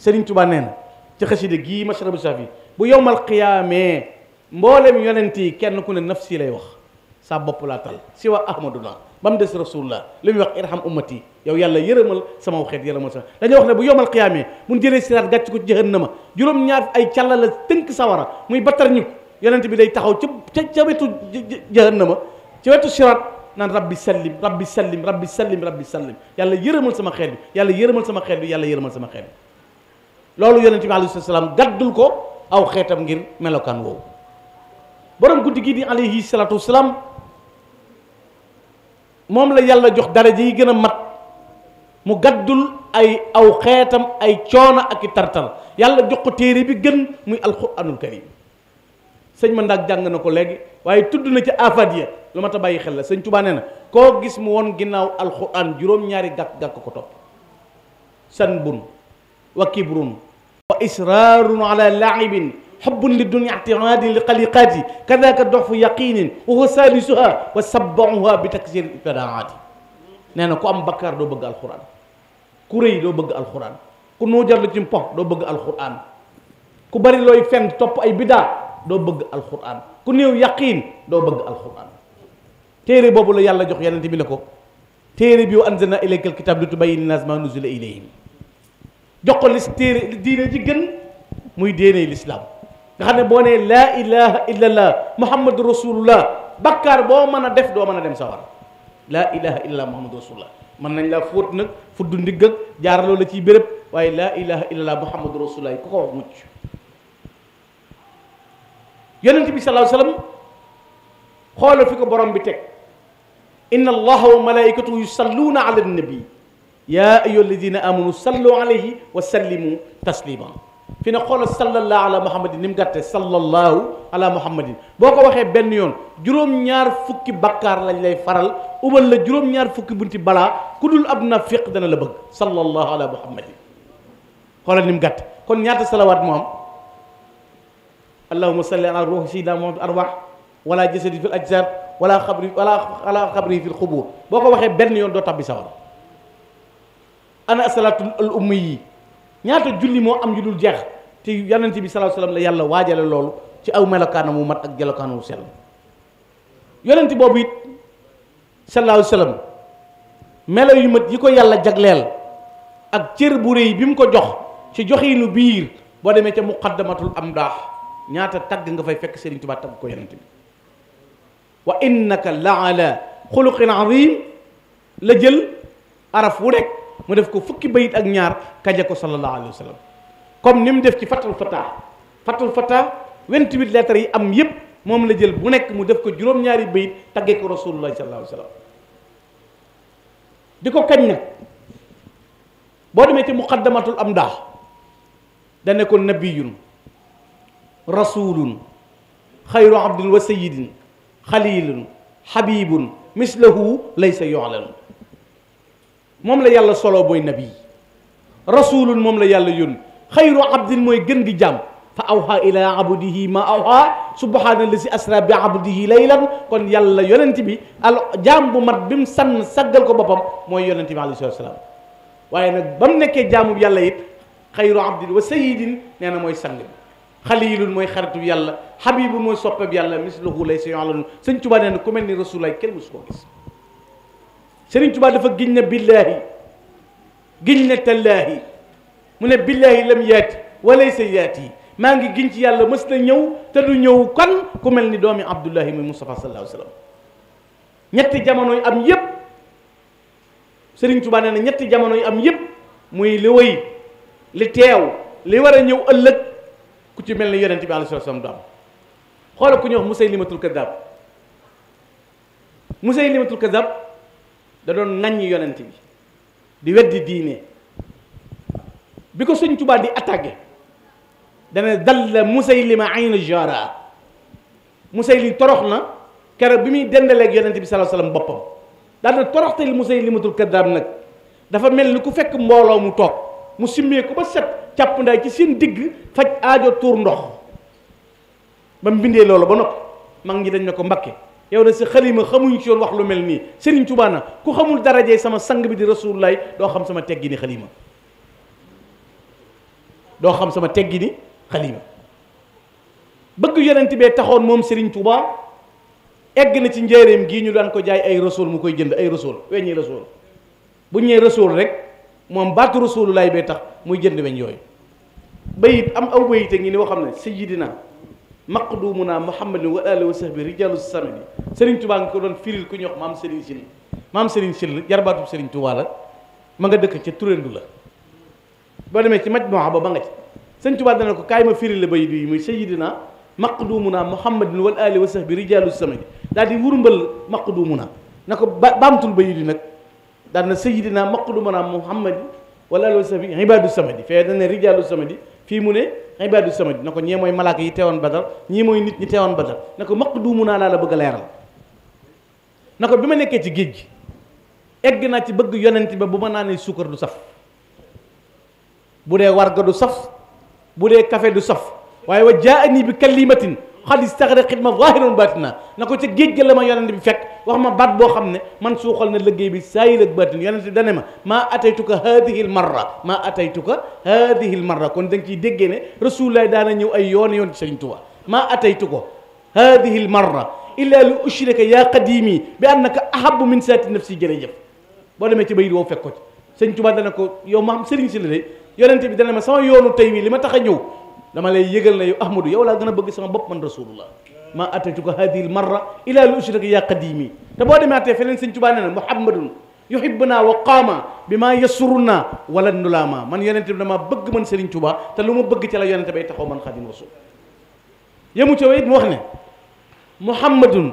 Serigne Touba nee na ci xasida gii mashrabu safi bu yowmal qiyaamee mboolem yonent yi kenn ku ne nafsi lay wax saa bopp laa tal si waa ahmaduna ba mu des rasulullah li muy wax irham ummati yow yàlla yërëmal sama waxeet ma sax dañoo wax ne bu yomal qiyaamee mun jëlee siraat gàcc ko ci jahannama juróom-ñaar ay càlla la tënk sawara muy battar ñi yonent bi day taxaw ca ca wetu jahannama ci wetu siraat naan rabbi sallim rabbi sallim rabbi sallim rabbi sallim yàlla yërëmal sama xeet bi yàlla yërëmal sama xeet bi yàlla yërëmal sama xeet bi loolu yonente bi alayhi salaam gaddul ko aw xeetam ngir melokaan woowu borom guddi gi di alayhi salaatu wasalaam moom la yàlla jox daraja yi gën a mat mu gaddul ay aw xeetam ay coono ak i tartar yàlla jox ko téere bi gën muy alquranul karim sëñ ma ndaag jàng na ko léegi waaye tudd na ci afaat ya lu ma ta bàyyi xel la sëñ Tuubaa nee na koo gis mu woon ginnaaw alxuraan juróom-ñaari gàkk-gàkk ko topp sanbun wa kibrun wa israarun ala laibin xubbun li dunia itimaadin li xaliqaati kadaka doxfu yaqinin wa huwa wa sabauha bi taksir ibtidaati nee na ku am bakkaar doo bëgg alxuraan ku rëy doo bëgg alxuraan ku nuujar lu ci mpox doo bëgg alxuraan ku bari looy fenn topp ay bidaa doo bëgg alxuraan ku néew yaqiin doo bëgg alxuraan téere boobu la yàlla jox yonent bi ne ko téere bi wa anzalna ilayka alkitab li tubayyina linnaas ma nuzila ilayhim jox ko lis téere diine ji gën muy diiney lislaam xam ne boo nee laa ilaha illa allah muhammadu rasulullah bakkaar boo mën a def doo mën a dem sawar laa ilaha illa allah muhammadu rasulullah mën nañ laa fóot nag fuddu ndigg ak jaaraloo la ciy béréb waaye laa illa allah muhammadu rasulullah ku ko wax mucc yonent bi sallallahu alayhi wa sallam xoolal fi ko borom bi teg inna allaha wa malaikatahu yusalluuna ala nabi yaa ayyuha alladina amanu sallu alayhi wa sallimu taslima fi ne xoolal sallallahu ala muhammadin ni mu gàtte sallallahu ala muhammadin boo ko waxee benn yoon juróom-ñaar fukki bakkaar lañ lay faral ubal la juróom-ñaar fukki bunti balaa ku dul ab nafiq dana la bëgg sallallahu ala muhammadin xoolal ni gàtte kon ñaata salawaat moo allahuma salli ala ruuxi sidina Muhammad arwax wala jasadi fil ajsad wala xabri wala xabri fil xubur boo ko waxee benn yoon doo tabbi sawar ana asalaatu al ummi yi ñaata julli moo am yu dul jeex te yonent bi sallallahu alayhi wasallam la yàlla waajale loolu ci aw melokaanam wu mat ak jalokaanam wu sell yonent boobu it sallallahu alayhi wasallam melo yu mat yi ko yàlla jagleel ak cër bu rëy bi mu ko jox ci joxiinu biir boo demee ca am amdaax ñaata tagg nga fay fekk Serigne Touba tagg ko yonent bi wa innaka la ala xuluqin azim la jël araf wu rekk mu def ko fukki bayit ak ñaar kaja ko sallallahu alayhi wa sallam comme ni mu def ci fatul fata fatul fata 28 lettres yi am yépp moom la jël bu nekk mu def ko juróom-ñaari bayit taggee ko rasulullah sallallahu di ko kañ nag boo demee ci muqaddamatul amdah dane ko nabiyun rasulun xayru abdin wa sayidin xalilun xabibun mislahu laysa yu'lan moom la yàlla solo booy nabi rasulun moom la yàlla yón xayru abdin mooy gën gi jaam fa awha ila abdihi ma awha subhaana si asra bi abdihi laylan kon yàlla yonent bi al jaam bu mat bi mu sànn saggal ko boppam mooy yonent bi alayhi salaatu salaam waaye nag ba mu nekkee jaamu yàlla it xayru abdin wa sayidin nee na mooy sang bi xaliilun mooy xaritu yàlla xabibun mooy soppeeb yàlla misluhu lay si yàlla sëñ Tuubaa nee na ku mel ni rasulaay kenn musu koo gis sëriñ Tuubaa dafa giñ ne billaahi giñ ne tallaahi mu ne billaahi lam yaati walaysa yaati maa ngi giñ ci yàlla mës na ñëw te du ñëw kan ku mel ni doomi Abdullahi muy Mustafa sallallahu alayhi wa sallam ñetti jamono am yépp sëriñ Tuubaa nee na ñetti jamono yu am yépp muy li wëy li teew li war a ñëw ëllëg ku ci mel ni yonent bi alayhi salaam du am xoola ku ñuy wax Musaylimatul Kazab Musaylimatul Kazab da doon naññ yonent bi di weddi diine bi ko Sëñ Tuubaa di attaqué dana dalla Musaylima ayna jara Musaylim torox na keroog bi muy dendaleeg yonent bi sallallahu alayhi wasallam boppam daal na toroxtal Musaylimatul Kazab nag dafa mel ni ku fekk mbooloo mu toog mu simmee ko ba set càpp ndaay ci seen digg faj aajo tuur ndox ba mu bindee loolu ba nopp mag ñi dañ ne ko mbakke yow ne sa xalima xamuñu ci yoon wax lu mel nii Serigne Touba na ku xamul darajee sama sang bi di rasulullaay doo xam sama teggi ni xalima doo xam sama teggi ni xalima bëgg yonent bee taxoon moom sëriñ Touba egg na ci njéeréem gii ñu daan ko jaay ay rasul mu koy jënd ay rasul weñi rasul bu ñëwee rasul rek moom baatu rasulullaay bee tax muy jënd weñ yooyu bayit am aw bayit a ngi ni woo xam ne sayyidina maqdumuna muhammadin wa alihi wa sahbi rijalu samedi sëriñ tubaa nga ko doon firil ku ñox maam sëriñ Sil am sëriñ Sil jarbaatub sëriñ tubaa la ma nga dëkk ca turendu la boo demee ci majmuha ba ba nga ci sëriñ tubaa dana ko kaay ma firil la bayit yi muy sayyidina maqdumuna muhammadin wa alihi wa sahbi rijalu samedi daal di wurmbal maqdumuna na ko baamtul bayit yi nag daal na sayyidina maqdumuna muhammadin wa alihi wa sahbi ibadu samedi fee dana rijalu samedi fii mu ne ibaadu samad na ko ñee mooy malaaka yi teewoon badar ñii mooy nit ñi teewoon badar na ko maq duumu naa laa la bëgg a leeral na ko bi ma nekkee ci géej gi egg naa ci bëgg yonent ba bu ma naanee suukar du saf bu dee warga du saf bu dee kafe du saf waaye wa jaa ani bi kalimatin xadis taxare xidma zahiran batina na ko ca géej ga la ma yonent bi fekk wax ma baat boo xam ne man suuxal na liggéey bi saayil ak baatin yonent bi dane ma maa ataytuka haadihi l marra maa ataytuka haadihi l marra kon da nga ciy déggee ne yoon yoon ci Sëriñ Tuuba maa ataytuka haadihi l marra illa li ushrika yaa qadimi bi annaka ahabu min saati nafsi jërëjëf boo demee ci bayit woo fekk ko ci Sëriñ Tuuba dana ko yow ma xam sëriñ si la yonent bi dana ma sama yoonu tey mii li ma tax a ñëw dama lay yëgal na yow ahmadu yow laa gën a bëgg sama bopp man rasulullah maa ataytuka hadhihi al marra ila lu ushrika ya qadimi te boo demaatee feneen sëñ Tuubaa nee na muhammadun naa wa kaama bi maa yasuruna wala nulaama man yonente bi dama bëgg man Serigne Touba te lu ma bëgg ci la yonente bay taxaw man xadim rasul yemu ca it mu wax ne muhammadun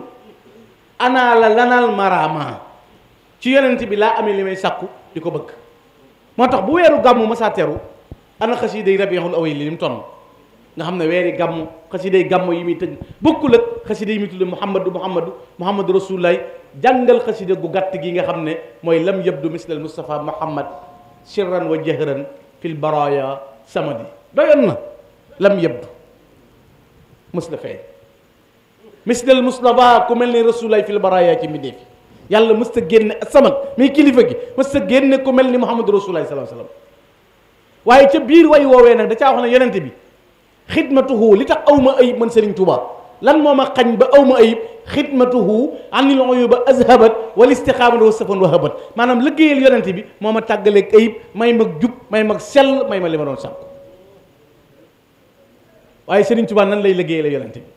anaa la lanal maraama ci yonente bi laa amee li may sàkku di ko bëgg moo tax bu weeru gàmmu ma saa teru ana xas yi day nga xam ne weeri gàmmu xasiday gàmmu yi muy tëj bokkul ak xasida yi muy tudde muhammadu muhammadu muhammadu rasulullahi jàngal xasida gu gàtt gi nga xam ne mooy lam yabdu mislal mustafa muhammad sirran wa jahran fil baraya samadi doyoon na lam yabdu mës na feeñ mislal mustafa ku mel ni rasulullahi fil baraya ci mbindeef yàlla mës génn génne samad mais kilifa gi mës génn génne ku mel ni muhammadu rasulullahi sallallahu alayhi wasallam waaye ca biir way woowee nag da caa wax ne yonente bi xidmatuhu li tax aw ma ayib man tubaa lan moo ma xañ ba aw ma ba xidmatuhu anil uyuba azhabat wal istiqamatu wa wahabat maanaam liggéeyal yonente bi moo ma tàggaleeg ayib may mag jub may mag sell may ma li ma doon sàkku waaye Serigne Touba nan lay liggéeyal yonente bi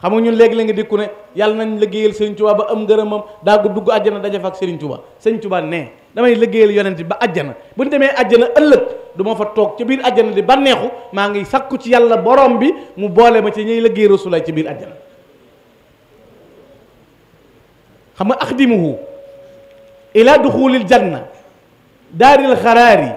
xam nga ñun léegi la nga dékku ne yàlla nañ liggéeyal Serigne tubaa ba am ngërëmam daa ko dugg àjjana dajafa ak Serigne Touba Serigne Touba nee damay liggéeyal yonent ba àjjana bu ñu demee àjjana ëllëg du ma fa toog ci biir àjjana di bànneexu maa ngi sàkku ci yàlla borom bi mu boole ma ci ñuy liggéey rasulaay ci biir àjjana xam nga axdimuhu ila duxulil janna daaril xaraari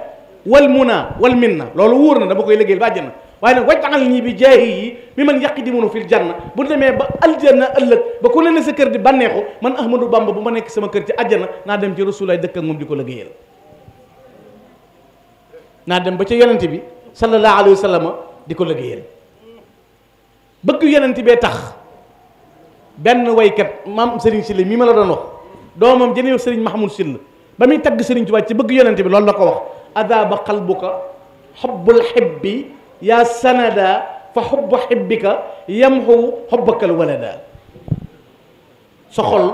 wal muna wal minna loolu wóor na dama koy liggéeyal ba àjjana waaye nag waj'al ñi bi jaahi yi mi man yaqidimu fil janna bu demee ba na ëllëg ba ku ne na sa kër di bànneexu man Ahmadou Bamba bu ma nekk sama kër ci àjjana naa dem ci rasulaay dëkk ak moom di ko liggéeyal naa dem ba ca yonente bi sallallahu alayhi wa sallam di ko liggéeyal bëgg yonente bee tax benn waykat maam Serigne Sylla mii ma la doon wax doomam jëne Serigne Mahmoud Sylla ba muy tagg Serigne Touba ci bëgg yonente bi loolu la ko wax adaba qalbuka hubbul hibbi yaa sanada fa xubbu xibbika yamxu xubbakal walada sa xol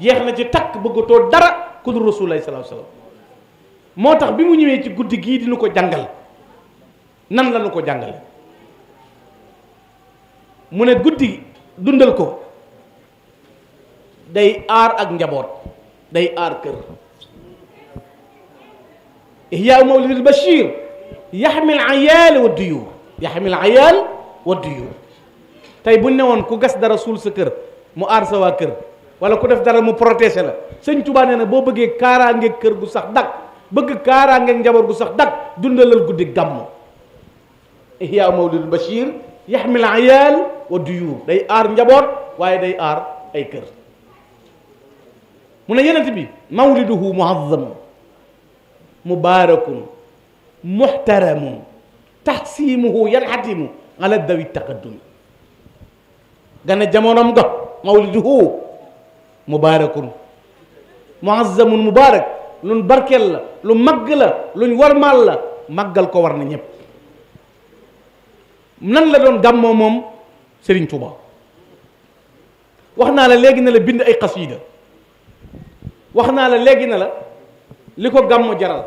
jeex na ci takk bëggatoo dara ku dul rasulullahi sallallahu alayhi moo tax bi mu ñëwee ci guddi gii dina ko jàngal nan la nu ko jàngale mu ne guddi dundal ko day aar ak njaboot day aar kër ihyaa mawlidil bashir yaxmil ayaal wa duyuur yaxmil ayaal wa duyuur tey buñ ne woon ku gas dara suul sa kër mu aar sa waa kër wala ku def dara mu protéger la sëñ Tuubaa nee na boo bëggee kaaraangeeg kër gu sax dak bëgg kaaraangeeg njaboot gu sax dak dundalal guddi gàmm ihyaa mawlidul bashir yaxmil ayaal wa duyuur day aar njaboot waaye day aar ay kër mu ne yenent bi mawliduhu muazzam mubaarakun muhtaramun tahsimuhu yanhatimu ala dawi taqaddumi gane jamonom ga mawliduhu mubarakun muazzamun mubarak luñ barkeel la lu màgg la luñ warmaal la màggal ko war na ñépp nan la doon gàmmoo moom Serigne Touba wax naa la léegi na la bind ay xasida wax naa la léegi na la li ko gàmmu jaral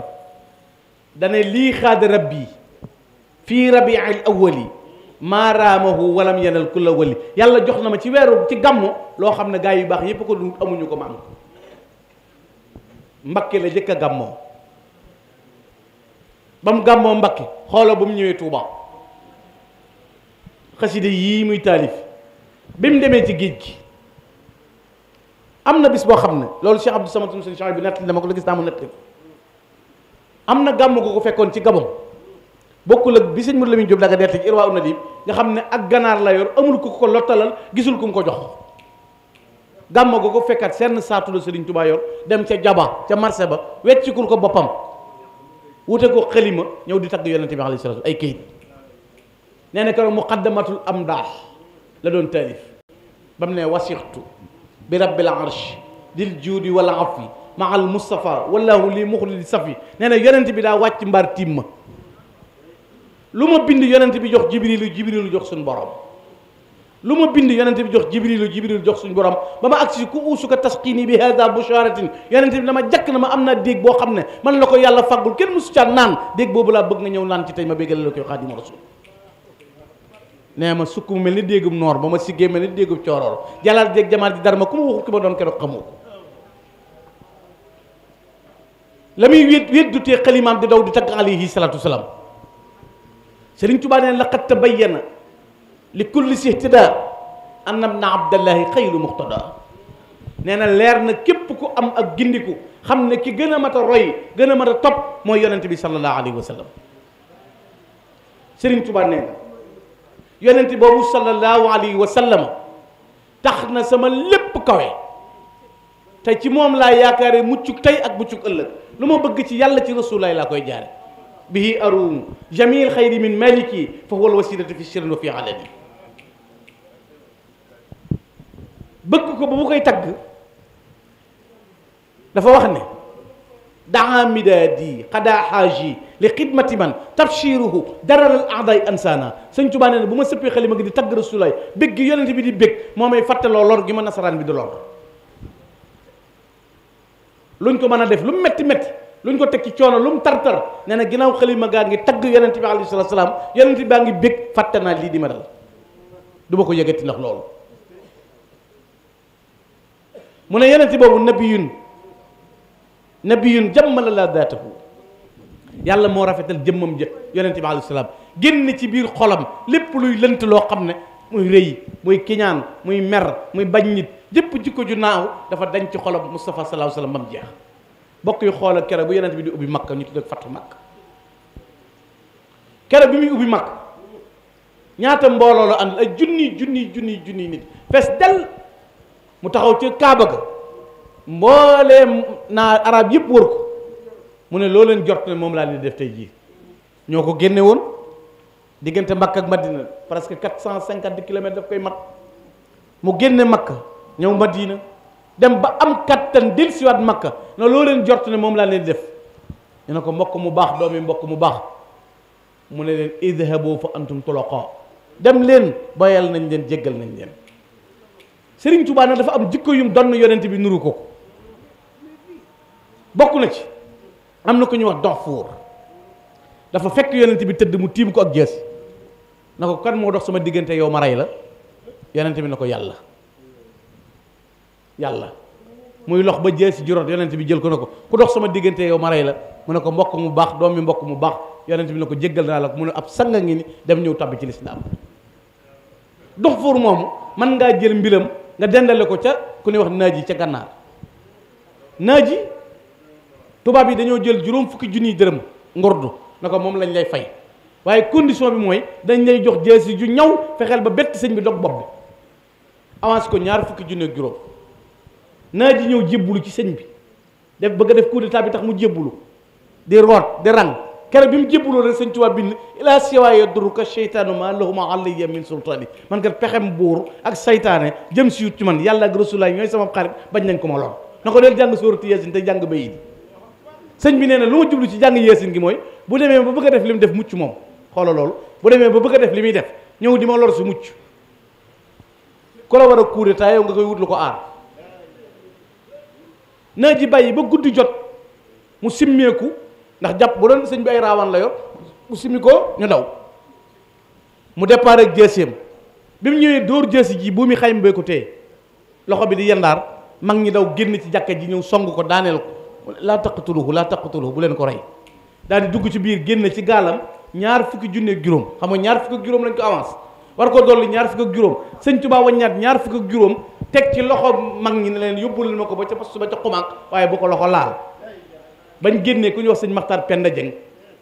dane lii rab rabbi fii rab rabiil awwali maa raamahu walam yanal kulla wali yàlla jox na ma ci weeru ci gàmmu loo xam ne gaa yi baax yépp ko du amuñu ko ma am la jëkk a gàmmoo ba mu gàmmoo mbakke xoola ba mu ñëwee Touba yii muy taalif bi mu ci géej gi am na bis boo xam ne loolu Cheikh Abdou Samad sunu sëñ Cheikh bi nettali dama ko la gis naa mu nettali ko am na gàmm gu ko fekkoon ci gabon bokkul ak bi sëñ Modou Lamine Diop daga derte ci irwaa unadib nga xam ne ak ganaar la yor amul ko ko lottalal gisul ku ko jox gàmm gu ko fekkaat seen saatu la Sëriñ Tuubaa yor dem ca jaba ca marché ba weccikul ko boppam wute ko xalima ñëw di tagg yonente bi alayhi salaatu ay këyit nee na keroog muqaddamatul amdaax la doon taalif ba mu ne wasixtu bi rabbil arsh dil juudi wala afi ma al Moustapha wallahu lii muxli safi nee na yonent bi daa wàcc mbaar tiim ma lu ma bind yonent bi jox jibrilu jibrilu jox suñu borom lu ma bind yonent bi jox jibrilu jibrilu jox suñu borom ba ma agsi ku uusuka tasqini bi hada busharatin yonent bi dama jakk na ma am naa déeg boo xam ne man la ko yàlla faggul kenn musu caa naan déeg boobu laa bëgg nga ñëw naan ci tey ma béggale la koy xaadimu rasul nee ma sukk mu mel ni déegum noor ba ma siggee mel ni déegum cooroor jalaat déeg jamaat ji dara ma ku ma ma doon keroog xamoo la muy wét wét du tee xalimaam di daw di tagg alayhi salaatu salaam sëriñ tubaa nee laqad tabayyana li kulli sihtidaa an ibna abdallahi xayru muqtadaa nee na leer na képp ku am ak gindiku xam ne ki gën a mat a roy gën a mat a topp mooy yonent bi sallallahu alayhi wa sallam sëriñ tubaa nee na yonent boobu sallallahu alayhi wa sallam tax na sama lépp kawe te ci moom laa yaakaare muccuk tey ak muccuk ëllëg lu ma bëgg ci yàlla ci rasulaay laa koy jaare bihi arum jamil xayri min maliki fa huwa alwasilatu fi sirrin wa fi alani bëgg ko ba mu koy tagg dafa wax ne daa midaadi xadaa xaaji li xidmati man tabshiruhu daral aaday ansaana sëñ Tuubaa nee na bu ma sëppee xalima gi di tagg rasulaay bég gi yonente bi di bég moo may fàttaloo lor gi ma nasaraan bi di lor lu luñ ko mën a def lu metti metti luñ ko teg ci coono lu mu tar-tar nee na ginnaw xalima gaa ngi tagg yonente bi alayhi salaatu salaam yonente baa ngi bég fàtte naa lii di ma dal du ma ko yëgati ndax loolu mu ne yonente boobu nabiyun nabiyun jàmmala laa daatahu yàlla moo rafetal jëmmam jë yonente bi alayhi salaam génn ci biir xolam lépp luy lënt loo xam ne muy rëy muy kiñaan muy mer muy bañ nit jëpp jikko ju naaw dafa dañ ci xolam Moustapha sallallahu alayhi wasallam bam jeex bokk xoolal kere bu yonent bi di ubbi makka ñu tudd ak fatu makka kere bi muy ubbi mag ñaata mbooloo la ànd ay junni junni junni junni nit fees del mu taxaw ci kaaba ga mbooleem naa arab yëpp wër ko mu ne loo leen jot ne moom laa leen def tey jii ñoo ko génne diggante Makka ak Madina presque quatre cent cinquante kilomètres daf koy mat mu génne Makka ñëw Madina dem ba am kattan dil siwaat Makka na loo leen jort ne moom laa leen def ñu ne ko mbokk mu baax doomi mbokk mu baax mu ne leen idhabu fa antum tulaqa dem leen boyal nañ leen jéggal nañ leen Sëriñ Tuubaa nag dafa am jikko yum donn yonent bi nuru ko ko bokk na ci am na ko ñuy wax dox fuur dafa fekk yonent bi tëdd mu tiim ko ak jees na ko kan moo dox sama diggante yow ma rey la yonent bi na ko yàlla yàlla muy lox ba jël si juróot yonent bi jël ko na ko ku dox sama diggante yow ma rey la mu ne ko mbokk mu baax doom mi mbokk mu baax yonent bi na ko jéggal naa la mu ne ab sanga ngi ni dem ñëw tàbbi ci lislaam dox fóor moomu mën ngaa jël mbiram nga dendale ko ca ku ne wax naaj yi ca gànnaar naaj tubaab yi dañoo jël juróom fukki junniy dërëm ngordu na ko moom lañ lay fay waaye condition bi mooy dañ lay jox jeesi ju ñaw fexeel ba bett sëñ bi dog bopp bi avance ko ñaar fukki junne juróom naa di ñëw jébbulu ci sëñ bi def bëgg a def coup d'état bi tax mu jébbulu di root di rang keroog bi mu jébbuloo rek sëñ Tuubaa bind ilaa siwaa yadurruka seytaanu maa lahu maa alayya min sultaani man kat pexem buur ak saytaane jëm si yut ci man yàlla ak rasulaay ñooy sama xarit bañ nañ ko ma lool na ko deel jàng sóoratu Yaasin te jàng bayit sëñ bi nee na lu jublu ci jàng Yaasin gi mooy bu demee ba bëgg def li mu def mucc moom xoola loolu bu demee ba bëgg a def li muy def ñëw di ma lor si mucc ku la war a coup d'état yow nga koy wut lu ko aar na ji bàyyi ba guddi jot mu simmeeku ndax jàpp bu doon sëñ bi ay raawaan la yor mu simmi ñu daw mu départ ak jeeseem bi mu ñëwee dóor jeesi ji buumi xayma bee ko téye loxo bi di yendaar mag ñi daw génn ci jàkka ji ñëw song ko daaneel ko laa taqtuluhu laa taqtuluhu bu leen ko rey daal di dugg ci biir génn ci gaalam ñaar fukki junne juróom xam nga ñaar fukki ak juróom lañ ko avance war ko dolli ñaar fukk ak juróom sëñ Tuubaa waññaat ñaar fukk ak juróom teg ci loxo mag ñi ne leen yóbbu yóbbul ma ko ba ca poste ba ca xumaag waaye bu ko loxo laal bañ génnee ku ñuy wax sëñ Maxtaar Penda Jeng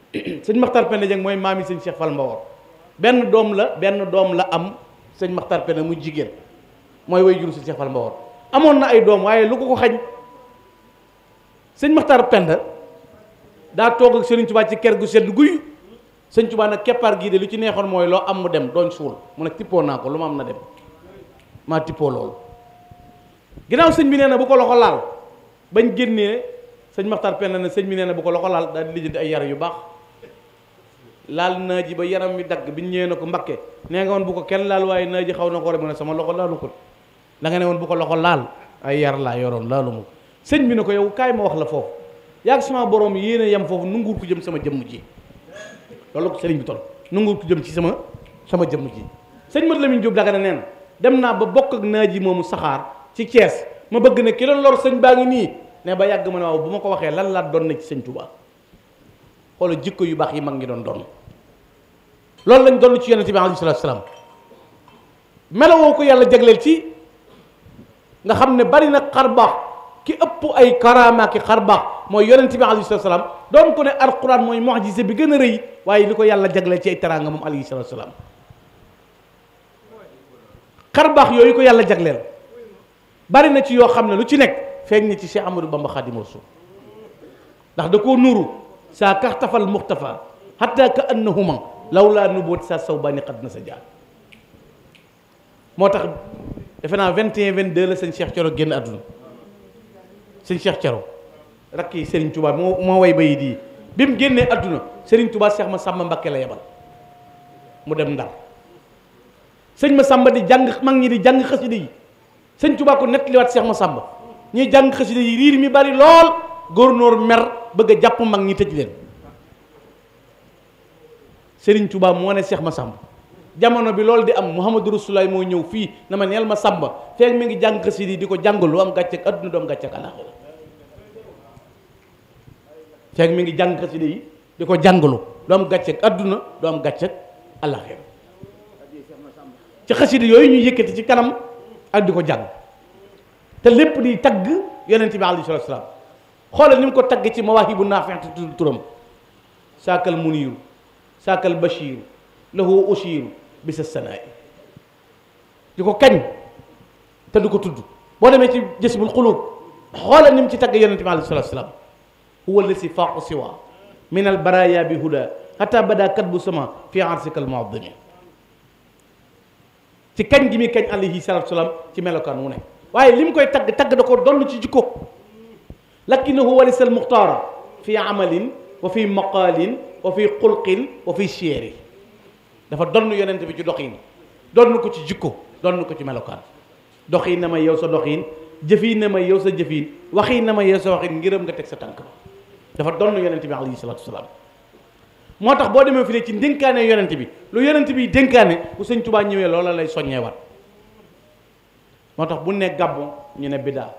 sëñ Maxtaar Penda Jeng mooy maam yi sëñ Cheikh Fall benn doom la benn doom la am sëñ maxtar Penda mu jigéen mooy way juru sëñ Cheikh Fall amoon na ay doom waaye lu ko ko xañ sëñ Maxtaar toog ak Sëriñ Tuubaa ci kër gu sedd guy sëñ Tuubaa nag keppaar gii de lu ci neexoon mooy loo am mu dem dooñ suul mu ne tippoo naa ko lu ma am na dem maa tippoo loolu ginnaaw sëñ bi nee na bu ko loxo laal bañ génnee sëñ Maxtaar Penn ne sëñ bi nee na bu ko loxo laal daal di lijjanti ay yar yu baax laal naa ji ba yaram mi dagg bi ñëwee na ko mbakke nee nga woon bu ko kenn laal waaye naa ji xaw na ko rek mu ne sama loxo laalu ko da nga ne woon bu ko loxo laal ay yar laa yoroon laalu mu sëñ bi ne ko yow kaay ma wax la foofu yaag sama borom yéene yem foofu nunguur ko jëm sama jëmm ji loolu ko sëriñ bi toll ko jëm ci sama sama jëmm ji sëñ Mat Lamin Jóob Dagana nee na dem naa ba bokk ak naa ji moomu saxaar ci Thiès ma bëgg ne ki lor sëñ baa ngi nii ne ba yàgg ma ne bu ma ko waxee lan laa doon na ci sëñ Touba xoolal jikko yu baax yi mag ngi doon doon loolu lañ doon ci yonente bi alayhi salaatu salaam melawoo ko yàlla jagleel ci nga xam ne bari nag xar baax ki ëpp ay karaama ki xar baax mooy yonent bi alayhi salaam doon ko ne alquran mooy mucjise bi gën a rëy waaye li ko yàlla jagleel ci ay teraanga moom alayhi yooyu ko yàlla jagleel bari na ci yoo xam ne lu ci nekk feeñ ni ci Cheikh Amadou Bamba Xaadimu Rasuul ndax da koo nuuru saa kaxtafal muxtafa xatta ka annahuma lawlaa nubuwat saa sawbaani xad na sa jaar moo tax defe naa 21 22 la sañ Cheikh Thioro génn àdduna sëñ Cheikh Thioro rakki Serigne Touba moo moo way bayit yi bi mu génnee adduna Serigne seex ma Massamba Mbacké la yebal mu dem Ndar sëñ Massamba di jàng mag ñi di jàng xasida yi sëñ Touba ko nettaliwaat ñuy jàng xasida yi riir mi bari lool góornóor mer bëgg jàpp mag ñi tëj leen Serigne Touba moo ne seex ma Massamba jamono bi loolu di am Mouhamadou Rasulaay moo ñëw fii na ma neel Massamba feeg mi ngi jàng xasida yi di ko jàngal lu am gàcce ak adduna doom gàcce ak fekk mi ngi jàng xasida yi di ko jàngalu du am gàcceeg adduna du am gàcceeg àllaxira ci xasida yooyu ñu yëkkati ci kanam ak di ko jàng te lépp di tagg yonent bi alayhi salaatu salaam xoolal ni mu ko tagg ci mawaahibu naafi'ati turam saakal muniiru saakal bashiiru lahu ushiiru bi sa sanaa'i di ko kañ te du ko tudd boo demee ci jësbul xuluub xoolal ni mu ci tagg yonent bi alayhi salaatu salaam huwa si faa siwa min al baraya bi huda xata bada kat bu sama fi arsika al muadimi kañ gi mi kañ alayhi salatu salaam ci melokaan wu ne waaye li mu koy tagg tagg da ko donn ci jikko lakinahu walisa al muxtaara fi amalin wa fi maqaalin wa fi xulqin wa fi siyeeri dafa donn yonent bi ci doxin donn ko ci jikko donn ko ci melokaan doxin na ma yow sa doxin jëfin na ma yow sa jëfin waxin na ma yow sa waxin ngirëm nga teg sa tànk dafa donn yonent bi alayhi salaatu wasalaam moo tax boo demee fii ci dénkaane yonent bi lu yonent bi dénkaane bu sëñ Tuubaa ñëwee loola lay soññee wat moo tax bu ne gàbbu ñu ne biddaa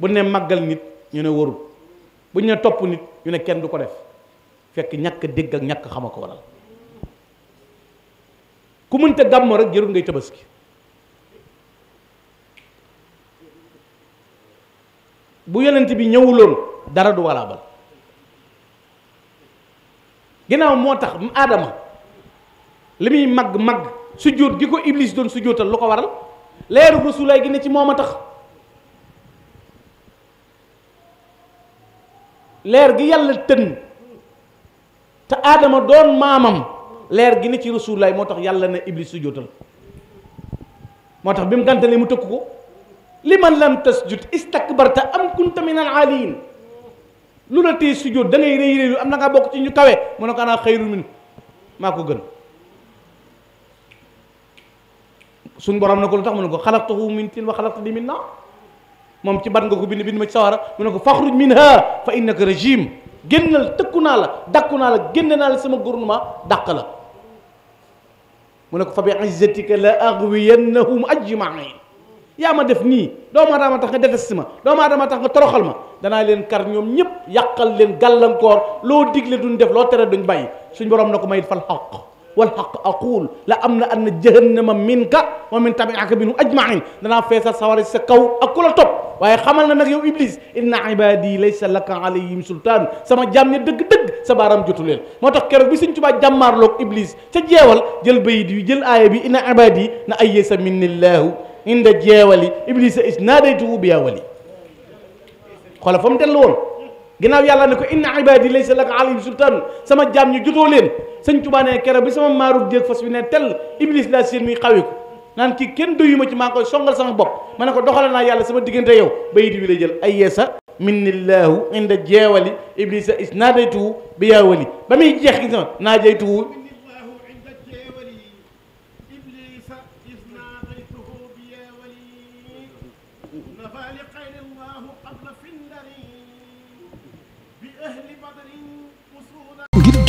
bu ne màggal nit ñu ne warul bu ñu ne topp nit ñu ne kenn du ko def fekk ñàkk dégg ak ñàkk xama ko waral ku mënta gàmmu rek jërul ngay tabaski bu yonent bi ñëwuloon dara du waraabal ginnaaw moo tax mu aadama li muy mag mag sujjóot gi ko iblis doon sujjóotal lu ko waral leeru rasulaay gi ne ci moom a tax leer gi yàlla tën te aadama doon maamam leer gi ne ci rasulaay moo tax yàlla na iblis sujjóotal moo tax bi mu gàntalee mu tëkk ko li man lam tasjud istakbarta am kunta min al aliin lu la tee sujjóot da ngay réy réylu am na nga bokk ci ñu kawe mu ne ko ana xayru min maa ko gën suñ borom na ko lu tax mu ne ko xalaqtahu min tin wa xalaqtani min naar moom ci bat nga ko bind bind ma ci sawara mu ne ko faxruj minha fa innaka rajim génnal tëkku naa la dakku naa la génn naa la sama gouvernement dàq la mu ne ko fa bi izzatika la aghwiyannahum ajmain yaa ma def nii doomu aadama tax nga déteste ma doomu aadama tax nga toroxal ma danaa leen kar ñoom ñëpp yàqal leen gàllankoor loo digle duñ def loo tere duñ bàyyi suñ borom na ko may defal xaq wal xaq aqul la am na anna jahannama minka wa min tabiaka minhum ajmain danaa feesal sawara sa kaw ak ku waaye xamal na nag yow iblis inna ibadi laysa laka alayhim sultaan sama jaam ña dëgg-dëgg sa baaraam jotu leen moo tax keroog bi Sëñ Tuubaa jàmmaarloog iblis ca jeewal jël bayit yu jël aaya bi inna ibadi na ay min ayyesa minnillahu inda jeewali iblisa is naadaytuhu bi yaa wali xoola fa mu dellu woon ginnaaw yàlla ne ko inna ibadi laysa laka alayhim sultaan sama jaam ñu jotoo leen sëñ Tuubaa ne bi sama maarub jéeg fas bi ne tel iblis laa seen muy xawi ko naan kii kenn doyu ma ci maa ngi koy songal sama bopp ma ne ko doxale naa yàlla sama diggante yow bayit wi lay jël ay yeesa minnillahu inda jeewali iblisa is naadaytuhu bi yaa wali ba muy jeex gis naa naajaytuhu